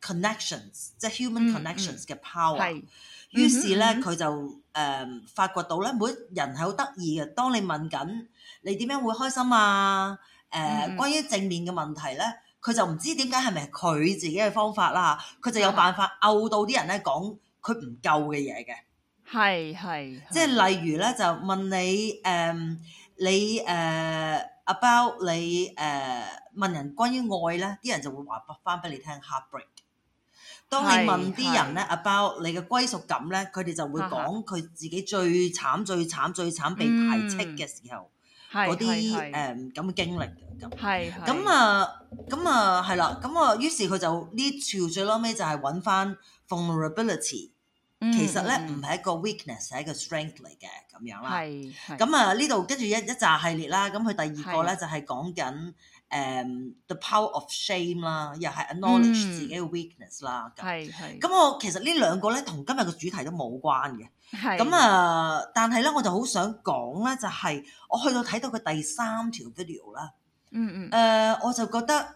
connections，即係 human connections 嘅 power。係，於是咧佢就誒、呃、發覺到咧，每一人係好得意嘅。當你問緊你點樣會開心啊？誒、呃，嗯、關於正面嘅問題咧，佢就唔知點解係咪佢自己嘅方法啦，佢就有辦法勾到啲人咧講佢唔夠嘅嘢嘅。係係的，即係例如咧就問你誒、呃，你誒、呃。你呃你呃 about 你誒問人關於愛咧，啲人就會話翻俾你聽 heartbreak。當你問啲人咧，about 你嘅歸屬感咧，佢哋就會講佢自己最慘、最慘、最慘被排斥嘅時候，嗰啲誒咁嘅經歷。係係。咁啊，咁啊係啦，咁啊，於是佢就呢條最撈尾就係揾翻 vulnerability 其實咧唔係一個 weakness，係一個 strength 嚟嘅咁樣啦。係。咁啊，呢度跟住一一集系列啦。咁佢第二個咧是就係講緊誒、um, the power of shame 啦，又係 acknowledge 自己嘅 weakness 啦。係咁、嗯、那我其實呢兩個咧同今日嘅主題都冇關嘅。係是。咁啊，但係咧我就好想講咧，就係、是、我去到睇到佢第三條 video 啦、嗯。嗯嗯。誒、呃，我就覺得。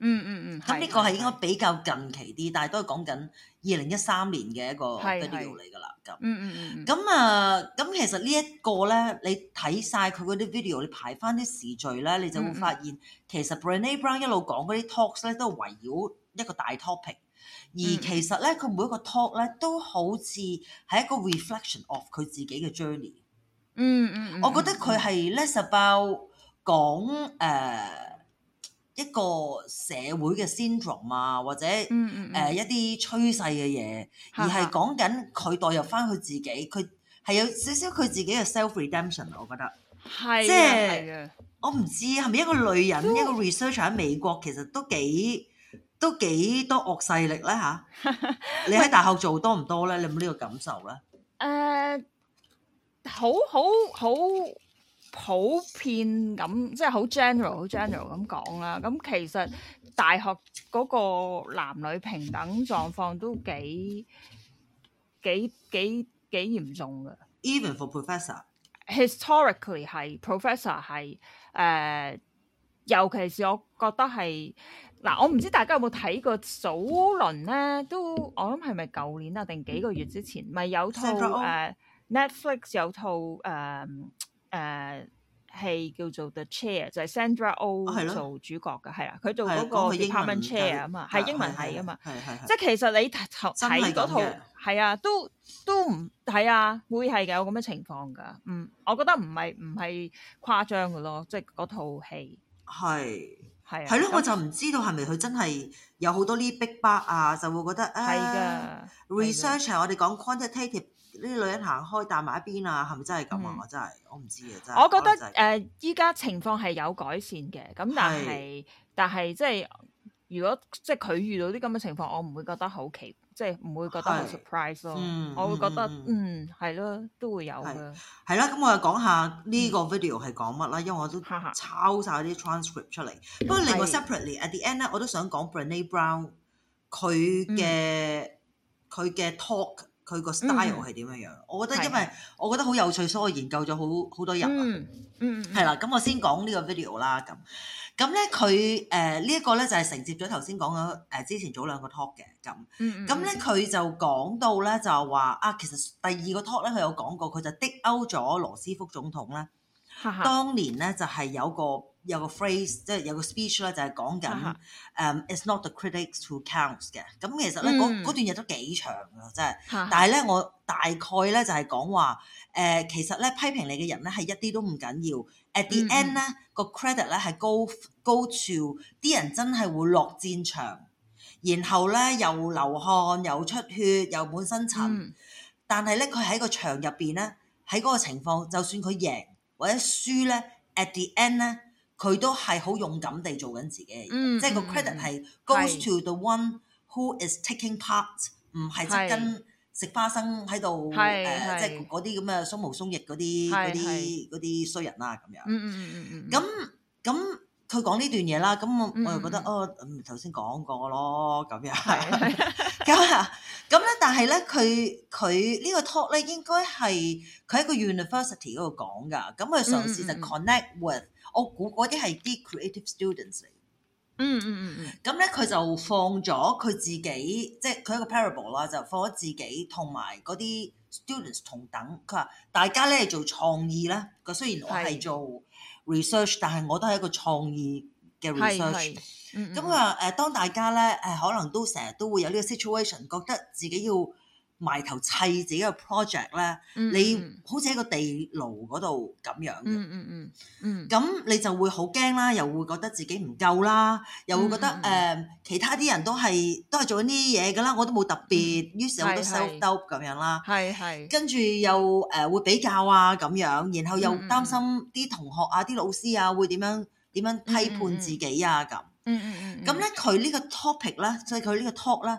嗯嗯嗯，咁呢個係應該比較近期啲，的但係都係講緊二零一三年嘅一個 video 嚟㗎啦。咁的嗯，嗯嗯嗯，咁啊，咁其實呢一個咧，你睇晒佢嗰啲 video，你排翻啲時序咧，你就會發現嗯嗯嗯其實 Brene Brown 一路講嗰啲 talks 咧，都係圍繞一個大 topic，而其實咧，佢每一個 talk 咧，都好似係一個 reflection of 佢自己嘅 journey。嗯嗯，嗯，嗯嗯，我覺得佢係 less about 講誒。呃一個社會嘅 syndrome 啊，或者誒、嗯嗯嗯呃、一啲趨勢嘅嘢，嗯嗯而係講緊佢代入翻佢自己，佢係有少少佢自己嘅 self redemption。Red emption，我覺得，即係我唔知係咪一個女人、嗯、一個 researcher 喺美國，其實都幾都幾多惡勢力咧嚇。啊、 你喺大學做多唔多咧？你有冇呢個感受咧？誒、 呃，好好好。好好好好好好好。普遍咁即係好 general，好 general 咁講啦。咁其實大學嗰個男女平等狀況都幾幾幾幾嚴重嘅。Even for professor, historically 係 professor 係誒，尤其是我覺得係。嗱，我唔知大家有冇睇過早輪咧？都我諗係咪舊年啊？定幾個月之前？咪有套誒 Netflix 有套誒。誒戲叫做 The Chair，就係 Sandra Oh 做主角噶，係啊，佢做嗰個 Department Chair 啊嘛，係英文嚟噶嘛，即係其實你睇睇嗰套係啊，都都唔係啊，會係嘅，有咁嘅情況噶，嗯，我覺得唔係唔係誇張噶咯，即係嗰套戲係。係係咯，我就唔知道係咪佢真係有好多呢啲 bias 啊，的就會覺得嘅。research 啊，的 research，我哋講 quantitative 呢啲的女人行開彈埋一邊啊，係咪真係咁啊？的我真係我唔知啊，真。我覺得誒，依家、呃、情況係有改善嘅，咁但係但係即係如果即係佢遇到啲咁嘅情況，我唔會覺得好奇。即係唔會覺得 surprise 咯，嗯，我會覺得嗯係咯、嗯，都會有嘅。係啦，咁、嗯嗯嗯、我講下呢個 video 係講乜啦，因為我都抄晒啲 transcript 出嚟。不過另外 separately 的 at the end 咧，我都想講 Brene Brown 佢嘅佢嘅 talk，佢個 style 係點樣樣。嗯、我覺得因為我覺得好有趣，所以我研究咗好好多人、嗯。嗯嗯嗯，係啦，咁我先講呢個 video 啦咁。咁咧佢誒呢一個咧就係承接咗頭先講咗誒之前早兩個 talk 嘅咁，咁咧佢就講到咧就話啊，其實第二個 talk 咧佢有講過，佢就 quote 咗羅斯福總統咧， 當年咧就係、是、有個。有個 phrase 即係有個 speech 咧，就係講緊誒。哈 um, It's not the critics who counts 嘅。咁其實咧，嗰、嗯、段嘢都幾長㗎，真係。但係咧，我大概咧就係講話誒、呃，其實咧批評你嘅人咧係一啲都唔緊要。At the end 咧，嗯、個 credit 咧係高高處，啲人真係會落戰場，然後咧又流汗又出血又滿身塵。嗯、但係咧，佢喺個場入邊咧，喺嗰個情況，就算佢贏或者輸咧，At the end 咧。佢都係好勇敢地做緊自己，嗯、即係個 credit 係 goes 是 to the one who is taking part，唔係即跟食花生喺度，即係嗰啲咁嘅鬆毛鬆翼嗰啲啲啲衰人啦、啊、咁樣。嗯咁咁。嗯嗯嗯佢講呢段嘢啦，咁我我又覺得、mm hmm. 哦，頭、嗯、先講過咯，咁樣咁啦，咁咧， 但係咧，佢佢呢個 talk 咧應該係佢喺個 university 嗰度講噶，咁佢嘗試就 connect with，、mm hmm. 我估嗰啲係啲 creative students 嚟，嗯嗯嗯嗯，咁咧佢就放咗佢自己，即係佢一個 parable 啦，就放咗自己同埋嗰啲 students 同等，佢話大家咧做創意咧，佢雖然我係做。Mm hmm. research，但係我都係一個創意嘅 research。咁啊，誒、嗯嗯嗯，當大家咧誒，可能都成日都會有呢個 situation，覺得自己要。埋頭砌自己個 project 咧，你好似喺個地牢嗰度咁樣，嗯嗯嗯嗯，咁你就會好驚啦，又會覺得自己唔夠啦，又會覺得誒其他啲人都係都係做緊呢啲嘢噶啦，我都冇特別，於是我都 self doubt 咁樣啦，係係 Yes, yes.，跟住又誒會比較啊咁樣，然後又擔心啲同學啊、啲老師啊會點樣點樣批判自己啊咁，嗯嗯嗯，咁咧佢呢個 topic 咧、so，即係佢呢個 talk 咧。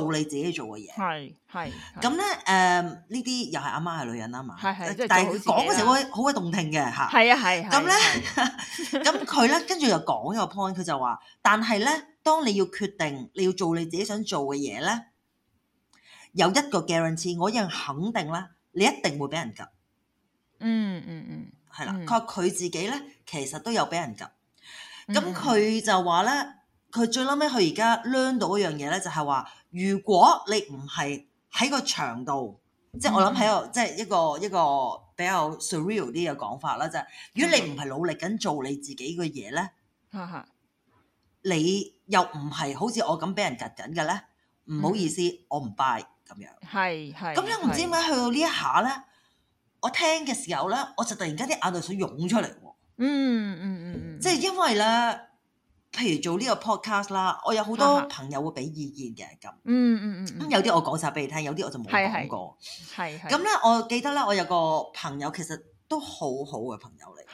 做你自己做嘅嘢係係咁咧。誒呢啲、呃、又係阿媽係女人啦嘛，係係。但係佢講嘅時候，好鬼動聽嘅嚇，係啊，係咁咧。咁佢咧跟住又講一個 point，佢就話，但係咧，當你要決定你要做你自己想做嘅嘢咧，有一個 guarantee，我一樣肯定咧，你一定會俾人 𥄫、嗯。嗯嗯嗯，係啦。佢佢、嗯、自己咧其實都有俾人 𥄫。咁佢、嗯嗯、就話咧，佢最嬲尾佢而家量到一樣嘢咧，就係、是、話。如果你唔係喺個場度，即係我諗喺度，即係一個一個比較 surreal 啲嘅講法啦，即係如果你唔係努力緊做你自己嘅嘢咧，你又唔係好似我咁俾人夾緊嘅咧，唔好意思，我唔拜咁樣。係係。咁樣唔知點解去到呢一下咧，我聽嘅時候咧，我就突然間啲眼淚水湧出嚟喎。嗯嗯嗯嗯，即係因為咧。譬如做呢個 podcast 啦，我有好多朋友會俾意見嘅。咁。嗯嗯嗯。咁有啲我講晒俾你聽，有啲我，我就冇講過。係咁咧，我記得啦，我有個朋友其實都好好嘅朋友嚟。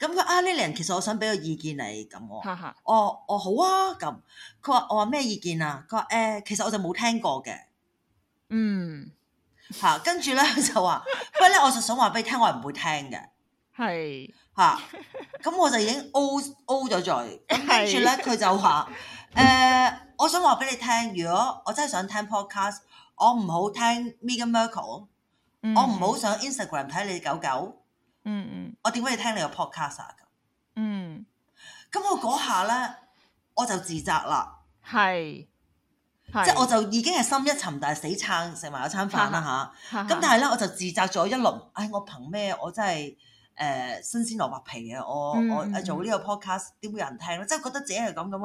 咁佢阿 Lilian 其實我想俾個意見你咁、 哦哦啊。我我好啊咁。佢話我話咩意見啊？佢話誒，其實我就冇聽過嘅。 嗯。嚇、 啊，跟住咧佢就話，不過咧我就想話俾你聽，我係唔會聽嘅。係吓，咁我就已經 O O 咗罪。咁跟住咧，佢就話：誒，我想話俾你聽，如果我真係想聽 podcast，我唔好聽 Meghan Markle，我唔好想 Instagram 睇你狗狗，嗯嗯，我點解要聽你個 podcast？嗯，咁我嗰下咧，我就自責啦，係，即係我就已經係心一沉，但係死撐食埋嗰餐飯啦吓，咁但係咧，我就自責咗一輪，唉，我憑咩？我真係。誒、呃，新鮮蘿蔔皮啊！我、嗯、我做呢個 podcast，點會有人聽？即係覺得自己係咁咁，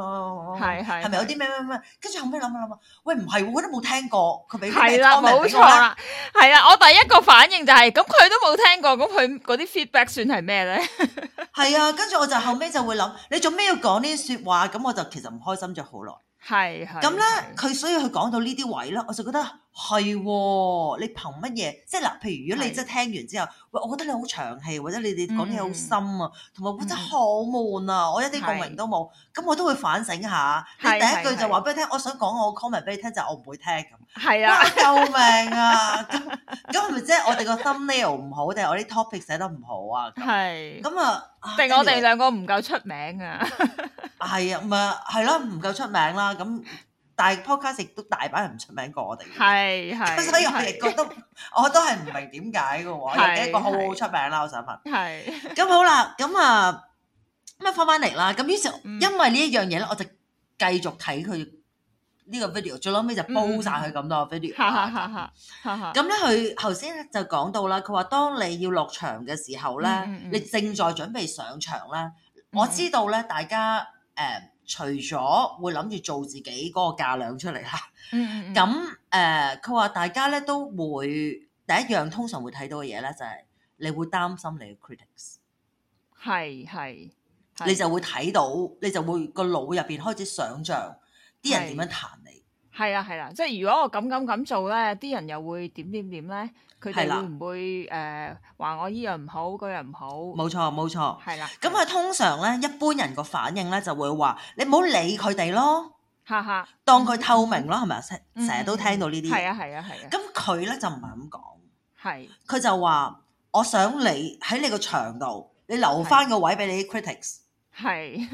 係係係咪有啲咩咩咩？跟住是是 後尾諗下諗下，喂唔係，我嗰啲冇聽過，佢俾俾啲 comment 俾我。係啦，冇錯啦，係啦。我第一個反應就係、是，咁佢都冇聽過，咁佢嗰啲 feedback 算係咩咧？係 啊，跟住我就後尾就會諗，你做咩要講呢啲說話？咁我就其實唔開心咗好耐。係係是是。咁咧，佢所以佢講到呢啲位咯，我就覺得。係喎、哦，你憑乜嘢？即係嗱，譬如如果你真係聽完之後，是喂，我覺得你好長氣，或者你哋講嘢好深啊，同埋真係好悶啊，我一啲共鳴都冇，咁是我都會反省下。你第一句就話俾佢聽，我想講我 comment 俾你聽，就係、我唔會聽咁。係啊，救命啊！咁咁係咪即係我哋個 thumbnail 唔好，定係我啲 topic 寫得唔好啊？係。咁是啊，定我哋兩個唔夠出名啊？係 啊，咪係咯，唔夠，夠出名啦咁。但係 podcast 亦都大把人唔出名過我哋嘅，係係，所以我哋覺得我都係唔明點解嘅喎，有一個好好出名啦，我想問。係。咁好啦，咁啊，咁啊翻翻嚟啦，咁於是因為呢一樣嘢咧，我就繼續睇佢呢個 video，最撚尾就煲晒佢咁多 video。咁咧，佢頭先咧就講到啦，佢話當你要落場嘅時候咧，你正在準備上場咧，我知道咧，大家誒。除咗會諗住做自己嗰個價量出嚟啦，咁誒佢話大家咧都會第一樣通常會睇到嘅嘢咧，就係你會擔心你嘅 critics，係係，你就會睇到你就會個腦入邊開始想像啲人點樣彈你，係啊係啊，啊，即係如果我咁咁咁做咧，啲人又會點點點咧。佢哋會唔會誒話、uh, 我依樣唔好，嗰樣唔好？冇錯，冇錯、啊。係啦。咁佢通常咧，一般人個反應咧就會話：你唔好理佢哋咯，哈哈，當佢透明咯，係咪啊？成成日都聽到呢啲。係啊，係啊，係啊。咁佢咧就唔係咁講。係。佢就話：我想你喺你個場度，你留翻個位俾你啲 critics。係。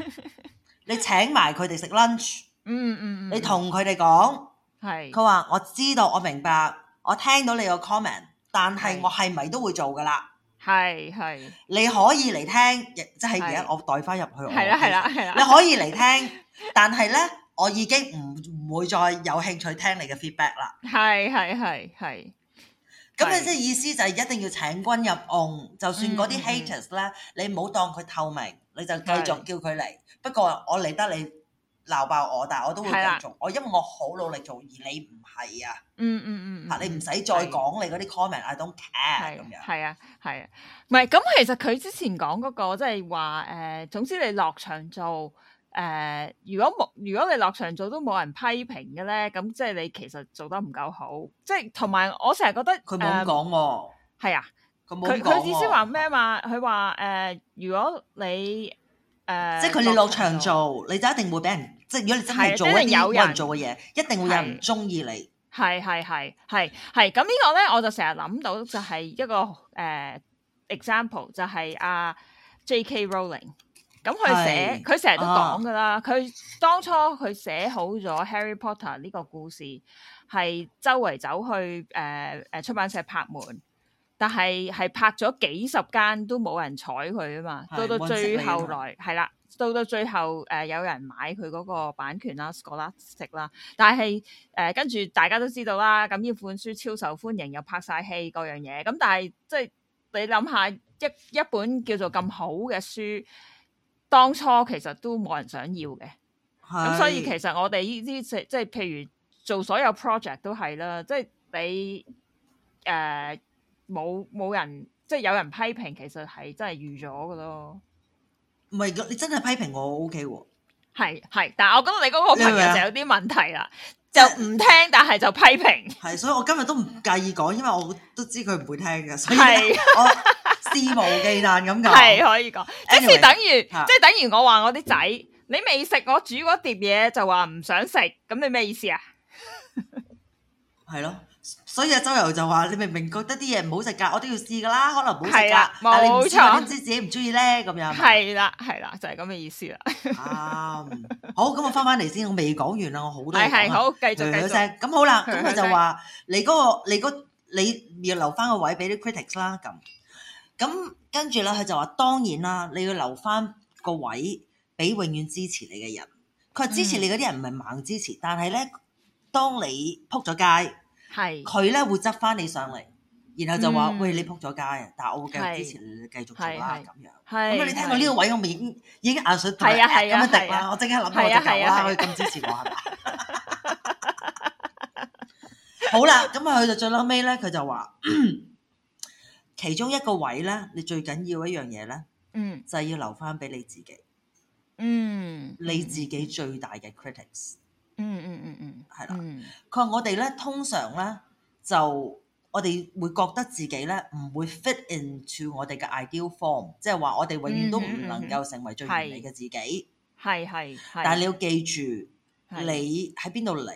你請埋佢哋食 lunch。嗯嗯嗯。你同佢哋講。係。佢話：我知道，我明白，我明白我聽到你個 comment。但係我係咪都會做噶啦？係係，你可以嚟聽，亦即係而家我代翻入去我屋企。係啦係啦，你可以嚟聽，但係咧，我已經唔唔會再有興趣聽你嘅 feedback 啦。係係係係，咁你即係意思就係一定要請君入甕，就算嗰啲 haters 咧，你唔好當佢透明，你就繼續叫佢嚟。不過我嚟得你。鬧爆我，但係我都會繼續。啊、我因為我好努力做，而你唔係啊。嗯嗯嗯，嗱你唔使再講你嗰啲 comment，I don't care 咁樣。係啊，係 啊，唔係咁，其實佢之前講嗰個即係話誒，總之你落場做誒，如果冇如果你落場做都冇人批評嘅咧，咁即係你其實做得唔夠好。即係同埋我成日覺得佢冇咁講喎。係啊，佢佢意思話咩嘛？佢話誒，如果你誒，呃、即係佢哋落場做，調你就一定會俾人，即係如果你真係做一啲好多人做嘅嘢，的一定會有人中意你。係係係係係，咁呢個咧我就成日諗到就係一個誒 example，就係阿 J.K. Rowling，咁佢寫，佢成日都講噶啦，佢、啊、當初佢寫好咗 Harry Potter 呢個故事，係周圍走去誒誒出版社拍門。但係係拍咗幾十間都冇人睬佢啊嘛，到是到最後來係、嗯、啦，到到最後誒，有人買佢嗰個版權啦、Scholastic 啦，但係誒跟住大家都知道啦，咁呢本書超受歡迎，又拍晒戲嗰樣嘢，咁但係即係你諗下一一本叫做咁好嘅書，嗯、當初其實都冇人想要嘅，咁是所以其實我哋呢啲即即係譬如做所有 project 都係啦，即係你誒。呃冇冇人，即係有人批評，其實係真係預咗噶咯。唔係，你真係批評我，OK 喎。係係，但係我覺得你嗰個朋友就有啲問題啦，是是就唔聽，但係就批評。係，所以我今日都唔介意講，因為我都知佢唔會聽嘅，所以 我，我肆無忌憚咁係 可以講，S e、等於為即是等於，即係等於我話我啲仔，你未食我煮嗰碟嘢就話唔想食，咁你咩意思啊？係 咯。所以阿周游就話：你明明覺得啲嘢唔好食㗎？我都要試㗎啦，可能唔好食㗎。係啦、啊，冇錯，知自己唔中意咧咁樣。係啦，係啦、啊啊，就係咁嘅意思啦。啱、 啊、好咁，我翻翻嚟先，我未講完啦，我好多嘢講。係係，好繼續繼續。咁好啦，咁佢的就話的、那個：你嗰、那個你你要留翻個位俾啲 critics 啦。咁咁跟住咧，佢就話：當然啦，你要留翻個位俾永遠支持你嘅人。佢話支持你嗰啲人唔係盲支持，但係咧，當你撲咗街。係佢咧會執翻你上嚟，然後就話喂，你仆咗街，但係我會繼續支持你繼續做啦咁樣。咁啊你聽到呢個位我已經眼水倒啊咁樣滴啦，我即刻諗到隻狗啦，可以咁支持我。好啦，咁啊佢到最嬲尾咧，佢就話其中一個位咧，你最緊要一樣嘢咧，嗯，就係要留翻俾你自己，嗯，你自己最大嘅 critics。嗯嗯嗯嗯，係啦。佢話我哋咧通常咧就我哋會覺得自己咧唔會 fit into 我哋嘅 ideal form，即係話我哋永遠都唔能夠成為最完美嘅自己。係係，但係你要記住，你喺邊度嚟？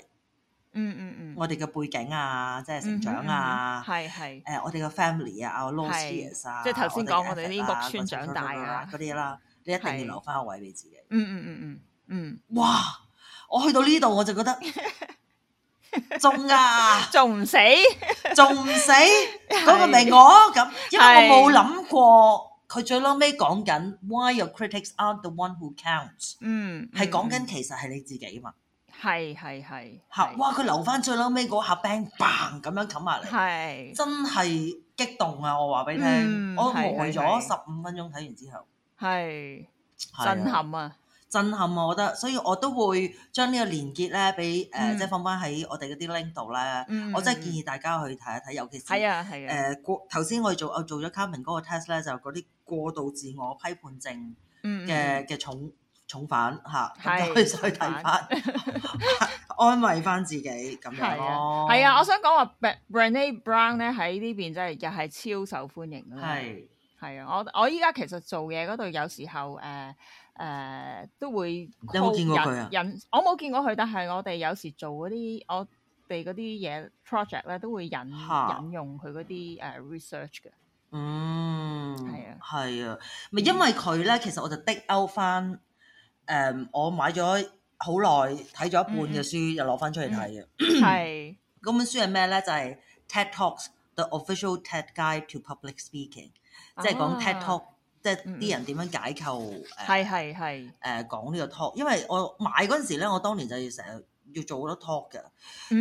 嗯嗯嗯。我哋嘅背景啊，即係成長啊，係係。誒，我哋嘅 family 啊 lawyers 啊，即係頭先講我哋呢個村長大啊嗰啲啦，你一定要留翻個位俾自己。嗯嗯嗯嗯嗯，哇！我去到呢度我就覺得仲啊，仲唔死，仲唔死，嗰個咪我咁，因為我冇諗過佢最嬲尾講緊 why your critics aren't the one who counts，嗯，係講緊其實係你自己嘛，係係係，吓哇佢留翻最嬲尾嗰下 bang bang，咁樣冚埋嚟，係真係激動啊！我話俾你聽，我呆咗十五分鐘睇完之後，係震撼啊！震撼，我覺得，所以我都會將呢個連結咧，俾、呃、誒，即係放翻喺我哋嗰啲 link 度咧。嗯嗯嗯，我真係建議大家去睇一睇，尤其是係啊，係啊。誒過頭先，我做我做咗 Carmen 嗰個 test 咧，就嗰、是、啲過度自我批判症嘅嘅重重犯嚇，咁可以再睇翻，安慰翻自己咁樣咯。係啊，啊，我想講話，Brene Brown 咧喺呢邊真係又係超受歡迎啦。係啊，我我依家其實做嘢嗰度有時候誒誒都會有冇見過佢啊？我冇見過佢，但係我哋有時做嗰啲我哋嗰啲嘢 project 咧，都會、啊、project，都會引哈引用佢嗰啲誒 research 嘅。嗯，係啊的，係啊，咪因為佢咧，其實我就 dig out 翻誒、嗯，我買咗好耐睇咗一半嘅書，嗯、又攞翻出嚟睇啊。係咁、嗯，嗯、 本書係咩咧？就係、是、TED Talks The Official TED Guide to Public Speaking。即係講 TED Talk，即係啲人點樣解構誒係係係誒講呢個 talk。因為我買嗰陣時咧，我當年就成日要做好多 talk 嘅。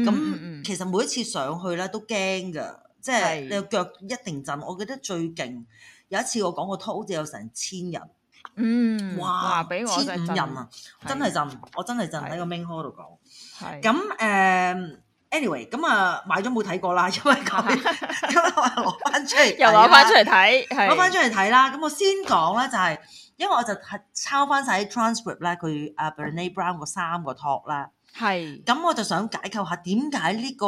咁其實每一次上去咧都驚嘅，即係你腳一定震。我記得最勁有一次我講個 talk，好似有成千人。嗯，哇，俾我千五人啊，真係震！我真係震喺個 main hall 度講。係咁誒。anyway，咁啊，買咗冇睇過啦，因為佢，咁我攞翻出嚟，又攞翻出嚟睇，攞翻出嚟睇啦。咁 我先講咧、就係，就係因為我就係抄翻晒 transcript 咧，佢、啊、阿 Brene Brown 個三個 talk 啦，係是。咁我就想解構下點解呢個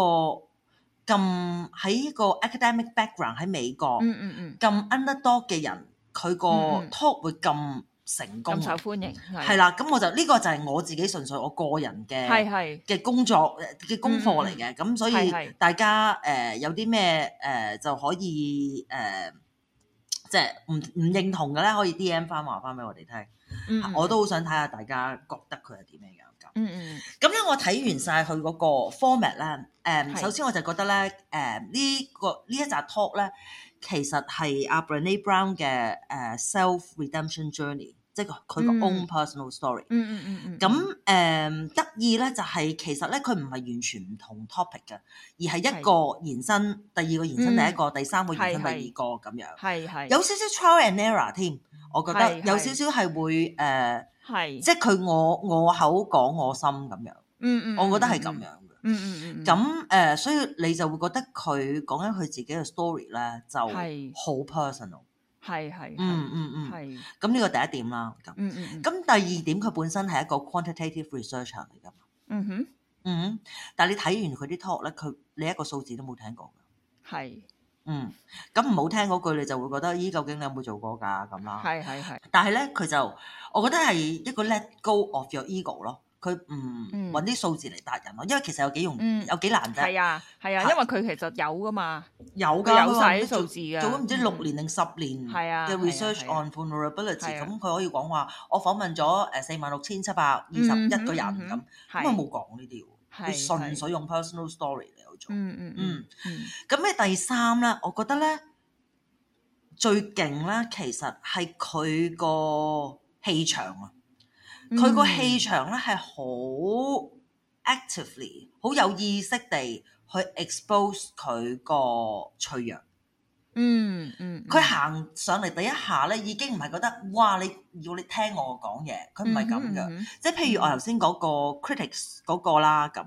咁喺呢個,個 academic background 喺美國，嗯嗯嗯，咁 underdog 嘅人，佢個 talk 會咁。嗯嗯成功啊！咁受歡迎係啦，咁我就呢、這個就係我自己純粹我個人嘅嘅是工作嘅功課嚟嘅，咁、嗯、所以大家誒、嗯呃、有啲咩誒就可以誒，即係唔唔認同嘅咧，可以 DM 翻話翻俾我哋聽。嗯、我都好想睇下大家覺得佢係點樣樣咁、嗯。嗯嗯嗯，咁咧我睇完晒佢嗰個 format 咧，誒首先我就覺得咧，誒呢個呢一集 talk 咧，其實係阿 Brené Brown 嘅誒 self-redemption journey。即係佢個 own personal story。嗯嗯嗯嗯咁誒得意咧，就係其實咧，佢唔係完全唔同 topic 嘅，而係一個延伸，第二個延伸，第一個第三個延伸，第二個咁樣，係係有少少 trial and error 添，我覺得有少少係會誒係，即係佢我我口講我心咁樣，嗯嗯。我覺得係咁樣嘅。嗯嗯嗯。咁誒所以你就會覺得佢講緊佢自己嘅 story 咧，就好 personal。係係嗯嗯嗯係。咁呢個第一點啦。嗯嗯。咁第二點，佢本身係一個 quantitative researcher 嚟噶嘛。Mm hmm. 嗯哼。嗯，但係你睇完佢啲 talk 咧，佢你一個數字都冇聽過。係是。嗯。咁冇聽嗰句，你就會覺得咦，究竟你有冇做過㗎咁啦。係係係。是是是但係咧，佢就我覺得係一個 let go of your ego 咯。佢唔揾啲數字嚟答人咯，因為其實有幾容易，有幾難啫。係啊，係啊，因為佢其實有㗎嘛，有㗎，有曬啲數字啊，做咗唔知六年定十年嘅 research on vulnerability，咁佢可以講話，我訪問咗誒四萬六千七百二十一個人咁，咁都冇講呢啲喎，佢純粹用 personal story 嚟做。嗯嗯嗯。咁咧第三咧，我覺得咧最勁咧，其實係佢個氣場啊！佢個氣場咧係好 actively，好有意識地去 expose 佢個脆弱。嗯嗯，佢、嗯、行上嚟第一下咧，已經唔係覺得哇！你要你聽我講嘢，佢唔係咁嘅。即係、嗯嗯嗯嗯、譬如我頭先嗰個 critics 嗰、嗰個啦咁，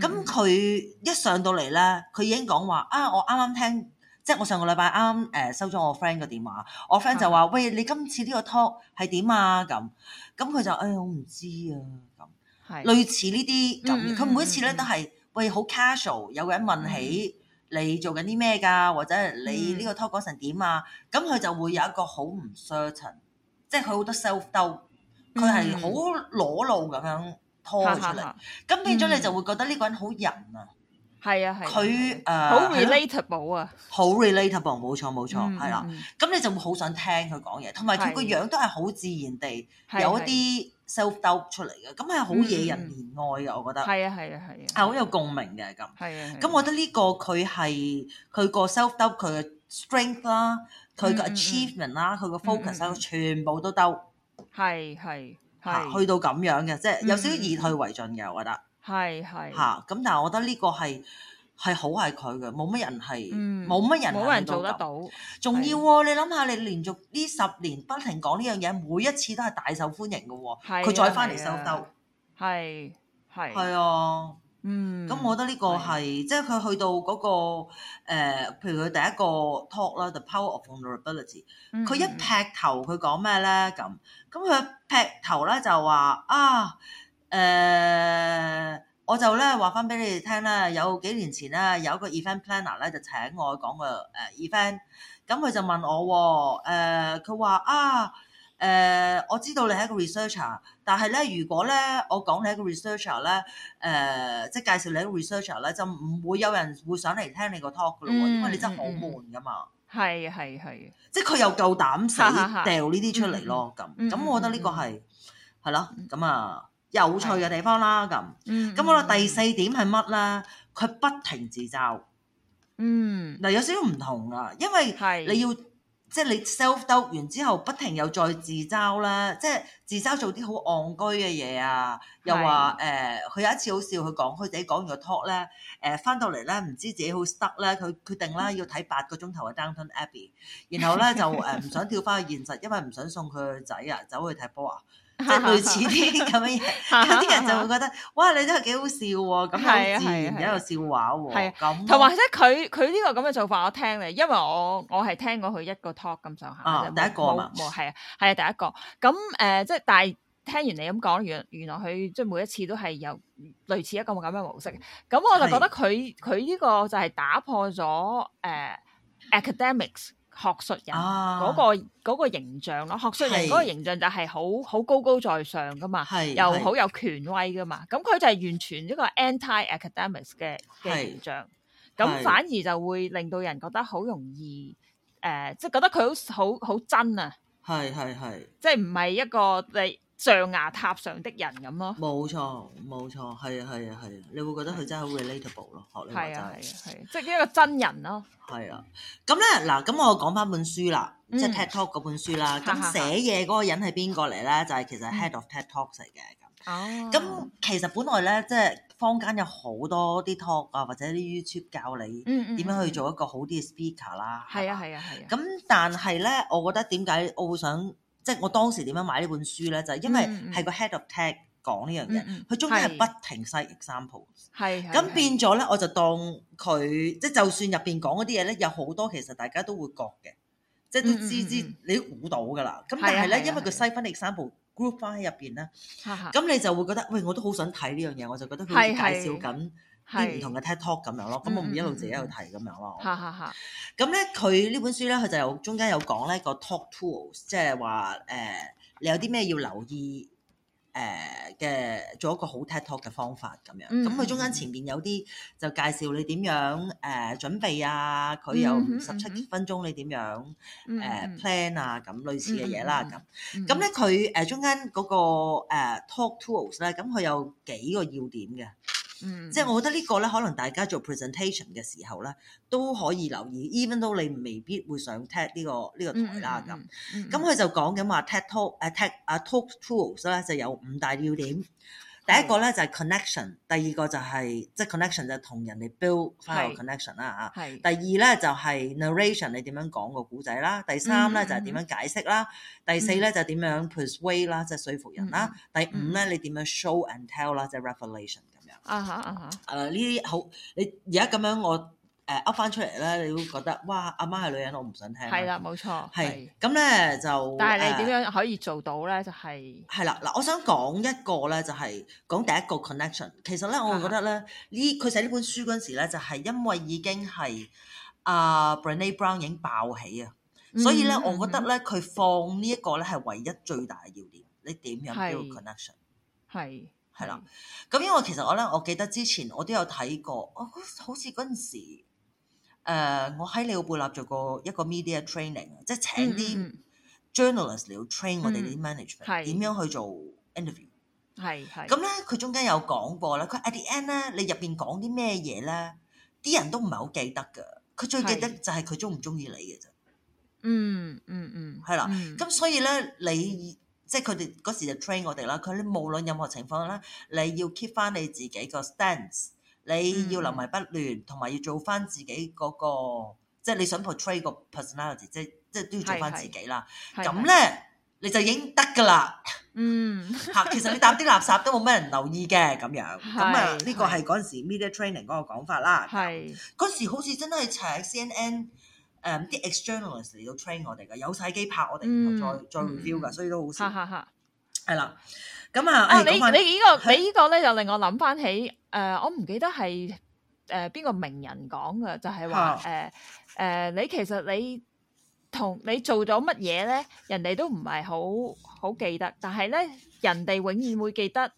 咁佢、嗯嗯、一上到嚟咧，佢已經講話啊，我啱啱聽。即係我上個禮拜啱誒、呃、收咗我 friend 個電話，我 friend 就話的：喂，你今次呢個 talk 係點啊？咁咁佢就誒、哎、我唔知啊。咁的類似呢啲咁佢每次咧都係喂好 casual，有個人問起你做緊啲咩㗎，嗯、或者你呢個 talk 過程點啊？咁佢、嗯、就會有一個好唔 certain，即係佢好多 self doubt、嗯嗯嗯，佢係好裸露咁樣 talk 出嚟，咁變咗你就會覺得呢個人好人啊。係啊，係佢誒好 relatable 啊，好 relatable 冇錯冇錯係啦，咁你就會好想聽佢講嘢，同埋佢個樣都係好自然地有一啲 self doubt 出嚟嘅，咁係好惹人憐愛嘅，我覺得係啊係啊係啊，係好有共鳴嘅咁，係啊，咁我覺得呢個佢係佢個 self doubt 佢嘅 strength 啦，佢嘅 achievement 啦，佢嘅 focus 啦，佢全部都兜係係係去到咁樣嘅，即係有少少以退為進嘅我覺得。係係吓，咁但係我覺得呢個係係好係佢嘅，冇乜人係，冇乜人冇人做得到，仲要。你諗下，你連續呢十年不停講呢樣嘢，每一次都係大受歡迎嘅。佢再翻嚟，收收，係係係啊，嗯。咁我覺得呢個係即係佢去到嗰個誒，譬如佢第一個 talk 啦，The Power of Vulnerability。佢一劈頭佢講咩咧？咁咁佢劈頭咧就話啊。誒，uh, 我就咧話返俾你哋聽啦。有幾年前咧，有一個 event planner 咧就請我講個誒 event。咁佢就問我喎，佢、呃、話啊，誒、呃、我知道你係一個 researcher，但係咧，如果咧我講你係一個 researcher 咧，誒、呃、即係介紹你一個 researcher 咧，就唔會有人會上嚟聽你個 talk 噶咯，嗯、因為你真係好悶噶嘛。係係係，即係佢又夠膽死掉呢啲出嚟咯。咁、嗯、咁，嗯嗯、我覺得呢個係係咯咁啊。嗯嗯嗯有趣嘅地方啦，咁的，咁我哋第四點係乜咧？佢不停自嘲，嗯，嗱有少少唔同啊，因為你要的即係你 self doubt 完之後，不停又再自嘲啦，即係自嘲做啲好戇居嘅嘢啊，又話誒，佢的、呃、有一次好笑，佢講佢自己講完個 talk 咧、呃，誒翻到嚟咧，唔知自己好塞咧，佢決定啦要睇八個鐘頭嘅 Downton Abbey， 然後咧就誒唔想跳翻去現實，因為唔想送佢個仔啊走去踢波啊。 即類似啲咁嘅嘢，有啲 人就會覺得哇，你都係幾好笑喎！咁又自然，又又笑話喎，係啊。同埋，即佢佢呢個咁嘅做法，我聽嚟，因為我我係聽過佢一個 talk 咁上下。啊、第一個啊冇，係啊，係啊，第一個。咁誒，即、呃、係但係聽完你咁講，原原來佢即係每一次都係有類似一個咁嘅模式。咁我就覺得佢佢呢個就係打破咗誒、uh, academics。學術人嗰個形象咯，啊、學術人嗰個形象就係好好高高在上噶嘛，又好有權威噶嘛，咁佢就係完全一個 anti academics 嘅嘅形象，咁反而就會令到人覺得好容易誒、呃，即係覺得佢好好好真啊，係係係，即係唔係一個你。象牙塔上的人咁咯，冇錯冇錯，係啊係啊係啊，你會覺得佢真係好 relatable 咯，學呢個就係，即係一個真人咯。係啊，咁咧嗱，咁我講翻本書啦，即係 TED Talk 嗰本書啦。咁寫嘢嗰個人係邊個嚟咧？就係、是、其實 Head of TED Talk 嚟嘅咁。哦、嗯，咁其實本來咧，即係坊間有好多啲 talk 啊，或者啲 YouTube 教你點樣去做一個好啲嘅 speaker 啦。係啊係啊係啊。咁但係咧，我覺得點解我會想？即係我當時點樣買呢本書咧，就係、因為係個 head of tech 講呢樣嘢，佢中間係不停 cite example 係咁變咗咧，我就當佢即係就算入邊講嗰啲嘢咧，有好多其實大家都會覺嘅，即係都知知你估到噶啦。咁但係咧，因為佢細分 example group 翻喺入邊咧，咁你就會覺得喂，我都好想睇呢樣嘢，我就覺得佢介紹緊。啲唔是同嘅 TED talk 咁樣咯，咁、嗯、我唔一路自己一路提咁樣咯。嚇嚇嚇！咁咧佢呢本書咧，佢就有中間有講咧個 talk tools，即係話誒你有啲咩要留意誒嘅、呃、做一個好 TED talk 嘅方法咁樣。咁佢、嗯、中間前邊有啲就介紹你點樣誒、呃、準備啊，佢有十七分鐘你點樣誒、嗯嗯嗯呃、plan 啊，咁類似嘅嘢啦咁。咁咧佢誒中間嗰個 talk tools 咧，咁佢有幾個要點嘅。嗯、即係我覺得個呢個咧，可能大家做 presentation 嘅時候咧都可以留意。Even 都你未必會上 TED 呢個呢、呢個台啦。咁咁佢就講緊話 TED talk 誒 TED talk tools 咧就有五大要點。第一個咧就係、是、connection，第二個就係、是、即係 connect connection 就係同人哋 build 翻個 connection 啦。嚇、啊，第二咧就係、是、narration，你點樣講個故仔啦？第三咧就係、是、點樣解釋啦？嗯嗯、第四咧就點、是、樣 persuade 啦，即係說服人啦、嗯嗯？第五咧你點樣 show and tell 啦，即係 revelation。啊哈啊哈！誒呢啲好，你而家咁樣我誒噏翻出嚟咧，你會覺得哇！阿媽係女人，我唔想聽。係啦，冇錯。係咁咧就。但係你點樣可以做到咧？就係。係啦，嗱，我想講一個咧，就係講第一個 connection。其實咧，我覺得咧，呢佢寫呢本書嗰陣時咧，就係因為已經係阿 Brene Brown 已經爆起啊，所以咧，我覺得咧，佢放呢一個咧係唯一最大嘅要點。你點樣 build connection？係。係啦，咁因為其實我咧，我記得之前我都有睇過，我好似嗰陣時，誒、呃，我喺利奧貝納做過一個 media training 即係請啲 journalist 嚟到 train 我哋啲 management，點樣去做 interview，係係，咁咧佢中間有講過咧，佢 at the end 咧，你入邊講啲咩嘢咧，啲人都唔係好記得噶，佢最記得就係佢中唔中意你嘅啫、嗯，嗯嗯嗯，係啦，咁、嗯嗯、所以咧你。嗯即係佢哋嗰時就 train 我哋啦，佢哋無論任何情況啦，你要 keep 翻你自己個 stance，你要臨危不亂，同埋、嗯、要做翻自己嗰、嗰個，即係你想 portray 個 personality，即係即係都要做翻自己啦。咁咧是是你就已經得㗎啦。嗯，嚇， 其實你抌啲垃圾都冇咩人留意嘅，咁樣，咁是啊呢是個係嗰陣時 media training 嗰個講法啦。係是，嗰是時好似真係查 CNN。誒，啲 ex-journalist 嚟到 train 我哋噶，有晒機拍我哋，再再 review 噶，所以都好哈哈哈，係啦，咁啊，啊你你呢個你呢個咧，就令我諗翻起誒，我唔記得係誒邊個名人講噶，就係話誒誒，你其實你同你做咗乜嘢咧，人哋都唔係好好記得，但係咧，人哋永遠會記得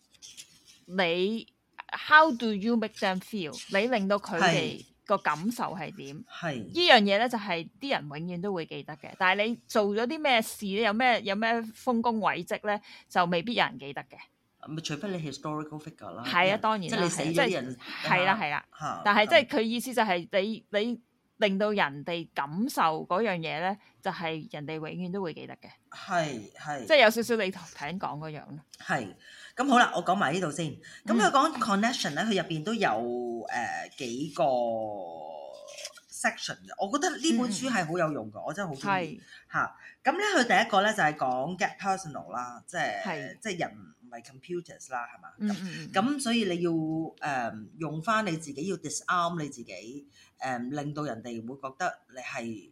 你。How do you make them feel？你令到佢哋。個感受係點？係呢樣嘢咧，就係啲人永遠都會記得嘅。但係你做咗啲咩事咧？有咩有咩豐功偉績咧？就未必有人記得嘅。咪除非你 historical figure 啦。係啊，當然。即係死咗啲人，係啦係啦。嚇！但係即係佢意思就係你你令到人哋感受嗰樣嘢咧，就係人哋永遠都會記得嘅。係係。即係有少少你頭頭先講嗰樣咯。係。咁好啦，我講埋呢度先。咁佢講 connection 咧，佢入邊都有誒、呃、幾個 section 嘅。我覺得呢本書係好有用㗎，嗯、我真係好中意嚇。咁咧是，佢、啊、第一個咧就係講 get personal 是啦，即係即係人唔係 computers 啦，係嘛？咁、嗯嗯嗯、所以你要誒、呃、用翻你自己，要 disarm 你自己誒、呃，令到人哋會覺得你係。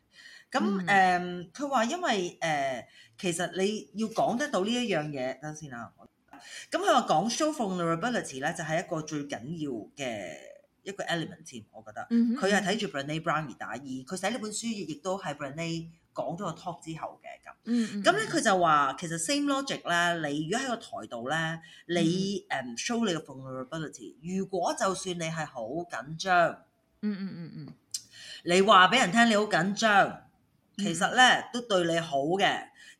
咁誒，佢話、嗯、因為誒，其實你要講得到呢一樣嘢，等先啦。咁佢話講 show vulnerability 咧，就係一個最緊要嘅一個 element。我覺得佢係睇住 Brene Brown 而打，而佢寫呢本書亦都係 Brene 講咗個 talk 之後嘅咁。咁咧佢就話其實 same logic 咧，你如果喺個台度咧，你誒 show 你嘅 vulnerability。如果就算你係好緊張，嗯嗯嗯嗯，你話俾人聽你好緊張。其實咧都對你好嘅，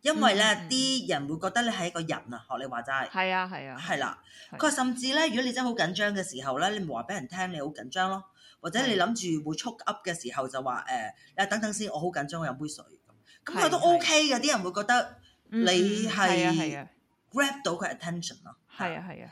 因為咧啲、嗯嗯、人會覺得你係一個人、嗯、啊，學你話齋。係啊係啊。係啦、嗯，佢話甚至咧，如果你真係好緊張嘅時候咧，你唔話俾人聽你好緊張咯，或者你諗住會 choke up 嘅時候就話誒、呃，啊等等先，我好緊張，我飲杯水咁，咁佢都 OK 嘅，啲、啊啊嗯、人會覺得你係 grab 到佢 attention 咯。係啊係啊。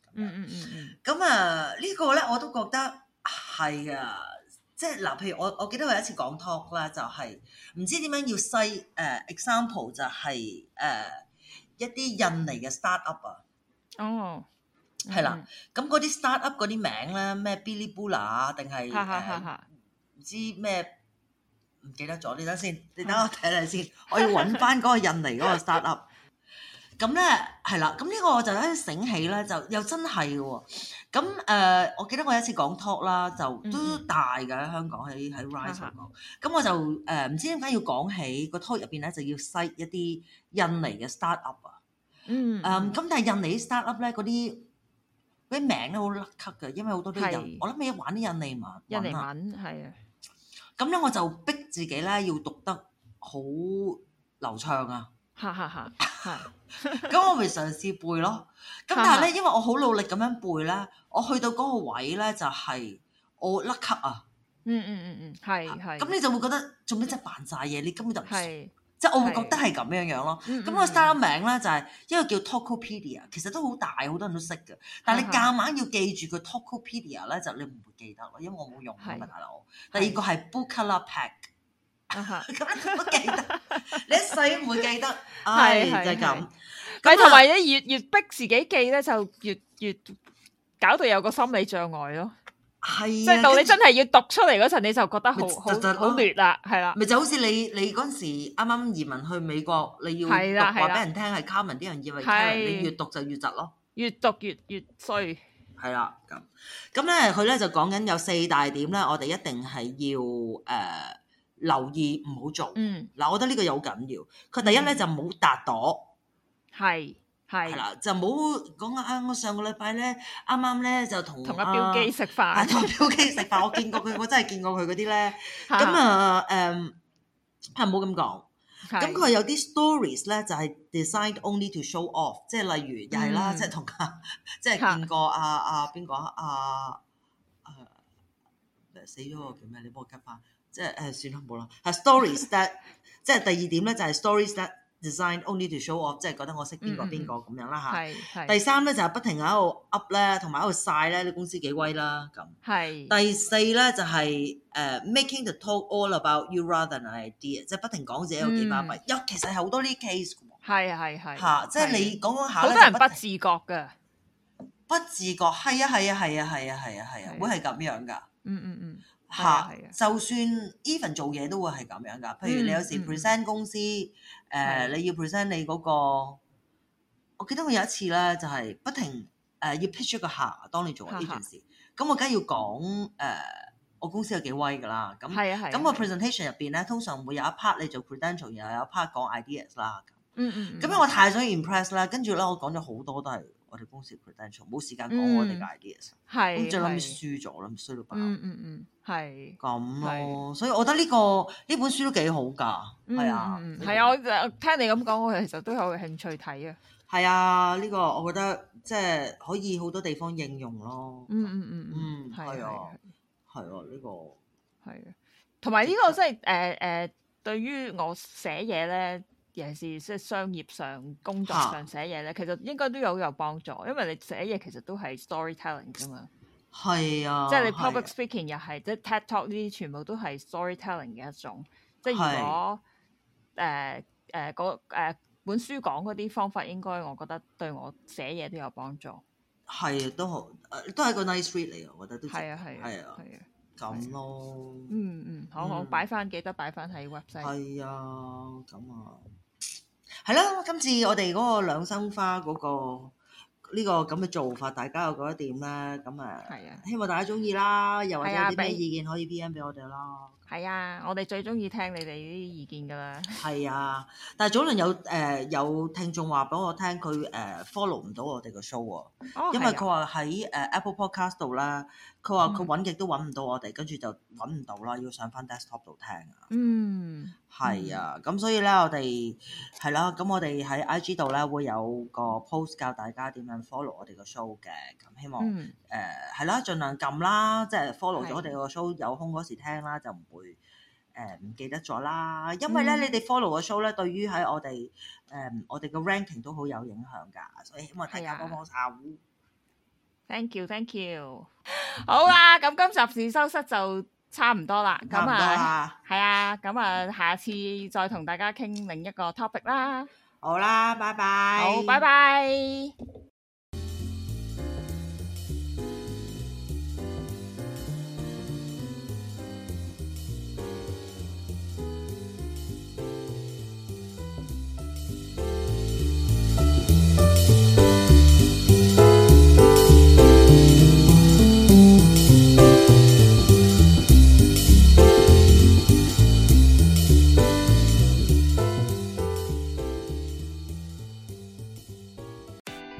嗯嗯嗯嗯，咁、嗯、啊、嗯這個、呢個咧我都覺得係啊，即係嗱、呃，譬如我我記得我有一次講 talk 啦，就係、是、唔知點樣要西誒、呃、example 就係、是、誒、呃、一啲印尼嘅 startup 啊，哦、oh, 嗯，係啦，咁嗰啲 startup 嗰啲名咧咩 Bilibula 定係唔知咩唔記得咗，你等先，你等我睇睇先， 我要揾翻嗰個印尼嗰個 startup。 咁咧，係啦，咁 呢、嗯呢個我就一醒起咧，就又真係嘅喎。咁、嗯、誒，我記得我有一次講 talk 啦，就、嗯、都大嘅喺香港喺喺 Rise 上講。咁我就誒唔知點解要講起個 talk 入邊咧，就要 set 一啲印尼嘅 startup 啊、嗯嗯。嗯。誒咁、嗯，但係印尼 startup 咧，嗰啲啲名咧好垃圾嘅，因為好多啲人，是我諗你玩啲印尼文。印尼文係啊。咁咧，我就逼自己咧要讀得好流暢啊。哈哈哈，咁 我咪嘗試背咯，咁但係咧，因為我好努力咁樣背咧， 我去到嗰個位咧就係、是、我甩咳啊、嗯，嗯嗯嗯嗯，係係，咁你就會覺得，做咩真係扮晒嘢，你根本就唔知，是即係我會覺得係咁樣樣咯。咁個 style 名咧就係一個叫 Tokopedia 其實都好大，好多人都識噶，但係你夾硬要記住佢 Tokopedia 咧，就你唔會記得咯，因為我冇用咁嘅大佬。第二個係 Bukalapak。啊哈！咁記得，你一世唔會記得。係就係咁。咁同埋咧，越越逼自己記咧，就越越搞到有個心理障礙咯。係，即係到你真係要讀出嚟嗰陣，你就覺得好好好劣啦，係啦。咪就好似你你嗰時啱啱移民去美國，你要讀話俾人聽係卡文啲人以為聽，你越讀就越窒咯。越讀越越衰。係啦，咁咁咧，佢咧就講緊有四大點咧，我哋一定係要誒。留意唔好做嗱，嗯、piano, 我覺得呢個有好緊要。佢第一咧就冇搭躲，係係係啦，就冇講下。我上個禮拜咧，啱啱咧就同同阿標基食飯，同阿標基食飯。我見過佢，我真係見過佢嗰啲咧。咁啊誒，係冇咁講。咁佢、啊啊啊嗯、有啲 stories 咧，就係、是、designed only to show off，即係例如又係啦，即係同佢即係見過阿阿邊個啊？誒死咗個叫咩？你幫我 cut 翻。啊即係誒，算啦，冇啦。啊，stories that 即係第二點咧，就係 stories that design only to show off，即係覺得我識邊個邊個咁樣啦吓。係第三咧就係不停喺度 up 咧，同埋喺度晒咧，啲公司幾威啦咁。係。第四咧就係誒，making to talk all about you rather than idea，即係不停講自己有幾巴閉。有，其實係好多呢 case 噶。係係係。吓，即係你講講下，好多人不自覺嘅，不自覺。係啊係啊係啊係啊係啊係啊，會係咁樣噶。嗯嗯嗯。嚇！就算 even 做嘢都會係咁樣噶，譬如你有時 present 公司，誒你要 present 你嗰個，我記得我有一次咧，就係不停誒要 pitch 一個客，當你做呢件事，咁我梗係要講誒我公司有幾威噶啦，咁係啊係，咁個 presentation 入邊咧，通常會有一 part 你做 credential，然又有一 part 講 ideas 啦，嗯嗯，咁樣我太想 impress 啦，跟住咧我講咗好多都係我哋公司 credential，冇時間講我哋嘅 ideas，係，咁最諗住輸咗啦，衰到爆，嗯嗯。係咁咯，所以我覺得呢個呢本書都幾好噶，係啊，係啊，我聽你咁講，我其實都有興趣睇啊。係啊，呢個我覺得即係可以好多地方應用咯。嗯嗯嗯嗯，係啊，係啊，呢個係，同埋呢個即係誒誒，對於我寫嘢咧，尤其是即係商業上、工作上寫嘢咧，其實應該都有有幫助，因為你寫嘢其實都係 storytelling 㗎嘛。係啊，即係你 public speaking 又係，即係 TED talk 呢啲全部都係 storytelling 嘅一種。即係如果誒誒個誒本書講嗰啲方法，應該我覺得對我寫嘢都有幫助。係啊，都好，都係個 nice read 嚟嘅，我覺得都係啊，係啊，係啊，咁咯。嗯嗯，好好擺翻，記得擺翻喺 website。係啊，咁啊，係啦，今次我哋嗰個兩生花嗰個。呢、這個咁嘅做法，大家又覺得點呢？咁啊，希望大家鍾意啦，又或者有啲咩意見可以 P.M. 俾我哋咯。係啊，我哋最中意聽你哋啲意見噶啦。係啊，但係早輪有誒、呃、有聽眾話俾我聽，佢誒 follow 唔到我哋個 show 啊，因為佢話喺誒 Apple Podcast 度啦，佢話佢揾極都揾唔到我哋，跟住就揾唔到啦，要上翻 desktop 度聽啊。嗯，係啊的，咁、嗯、所以咧，我哋係啦，咁我哋喺 IG 度咧會有個 post 教大家點樣 follow 我哋個 show 嘅，咁希望、嗯。誒係、uh, 啦，盡量撳啦，即係 follow 咗我哋個 show，是有空嗰時聽啦，就唔會誒唔、uh, 記得咗啦。因為咧，嗯、你哋 follow 個 show 咧，對於喺我哋誒、uh, 我哋嘅 ranking 都好有影響㗎，所以希望大家幫幫手。Thank you，Thank you。You. 好啦，咁今集自修室就差唔多啦，咁 啊，係 啊，咁啊，下次再同大家傾另一個 topic 啦。好啦，拜拜，好，拜拜。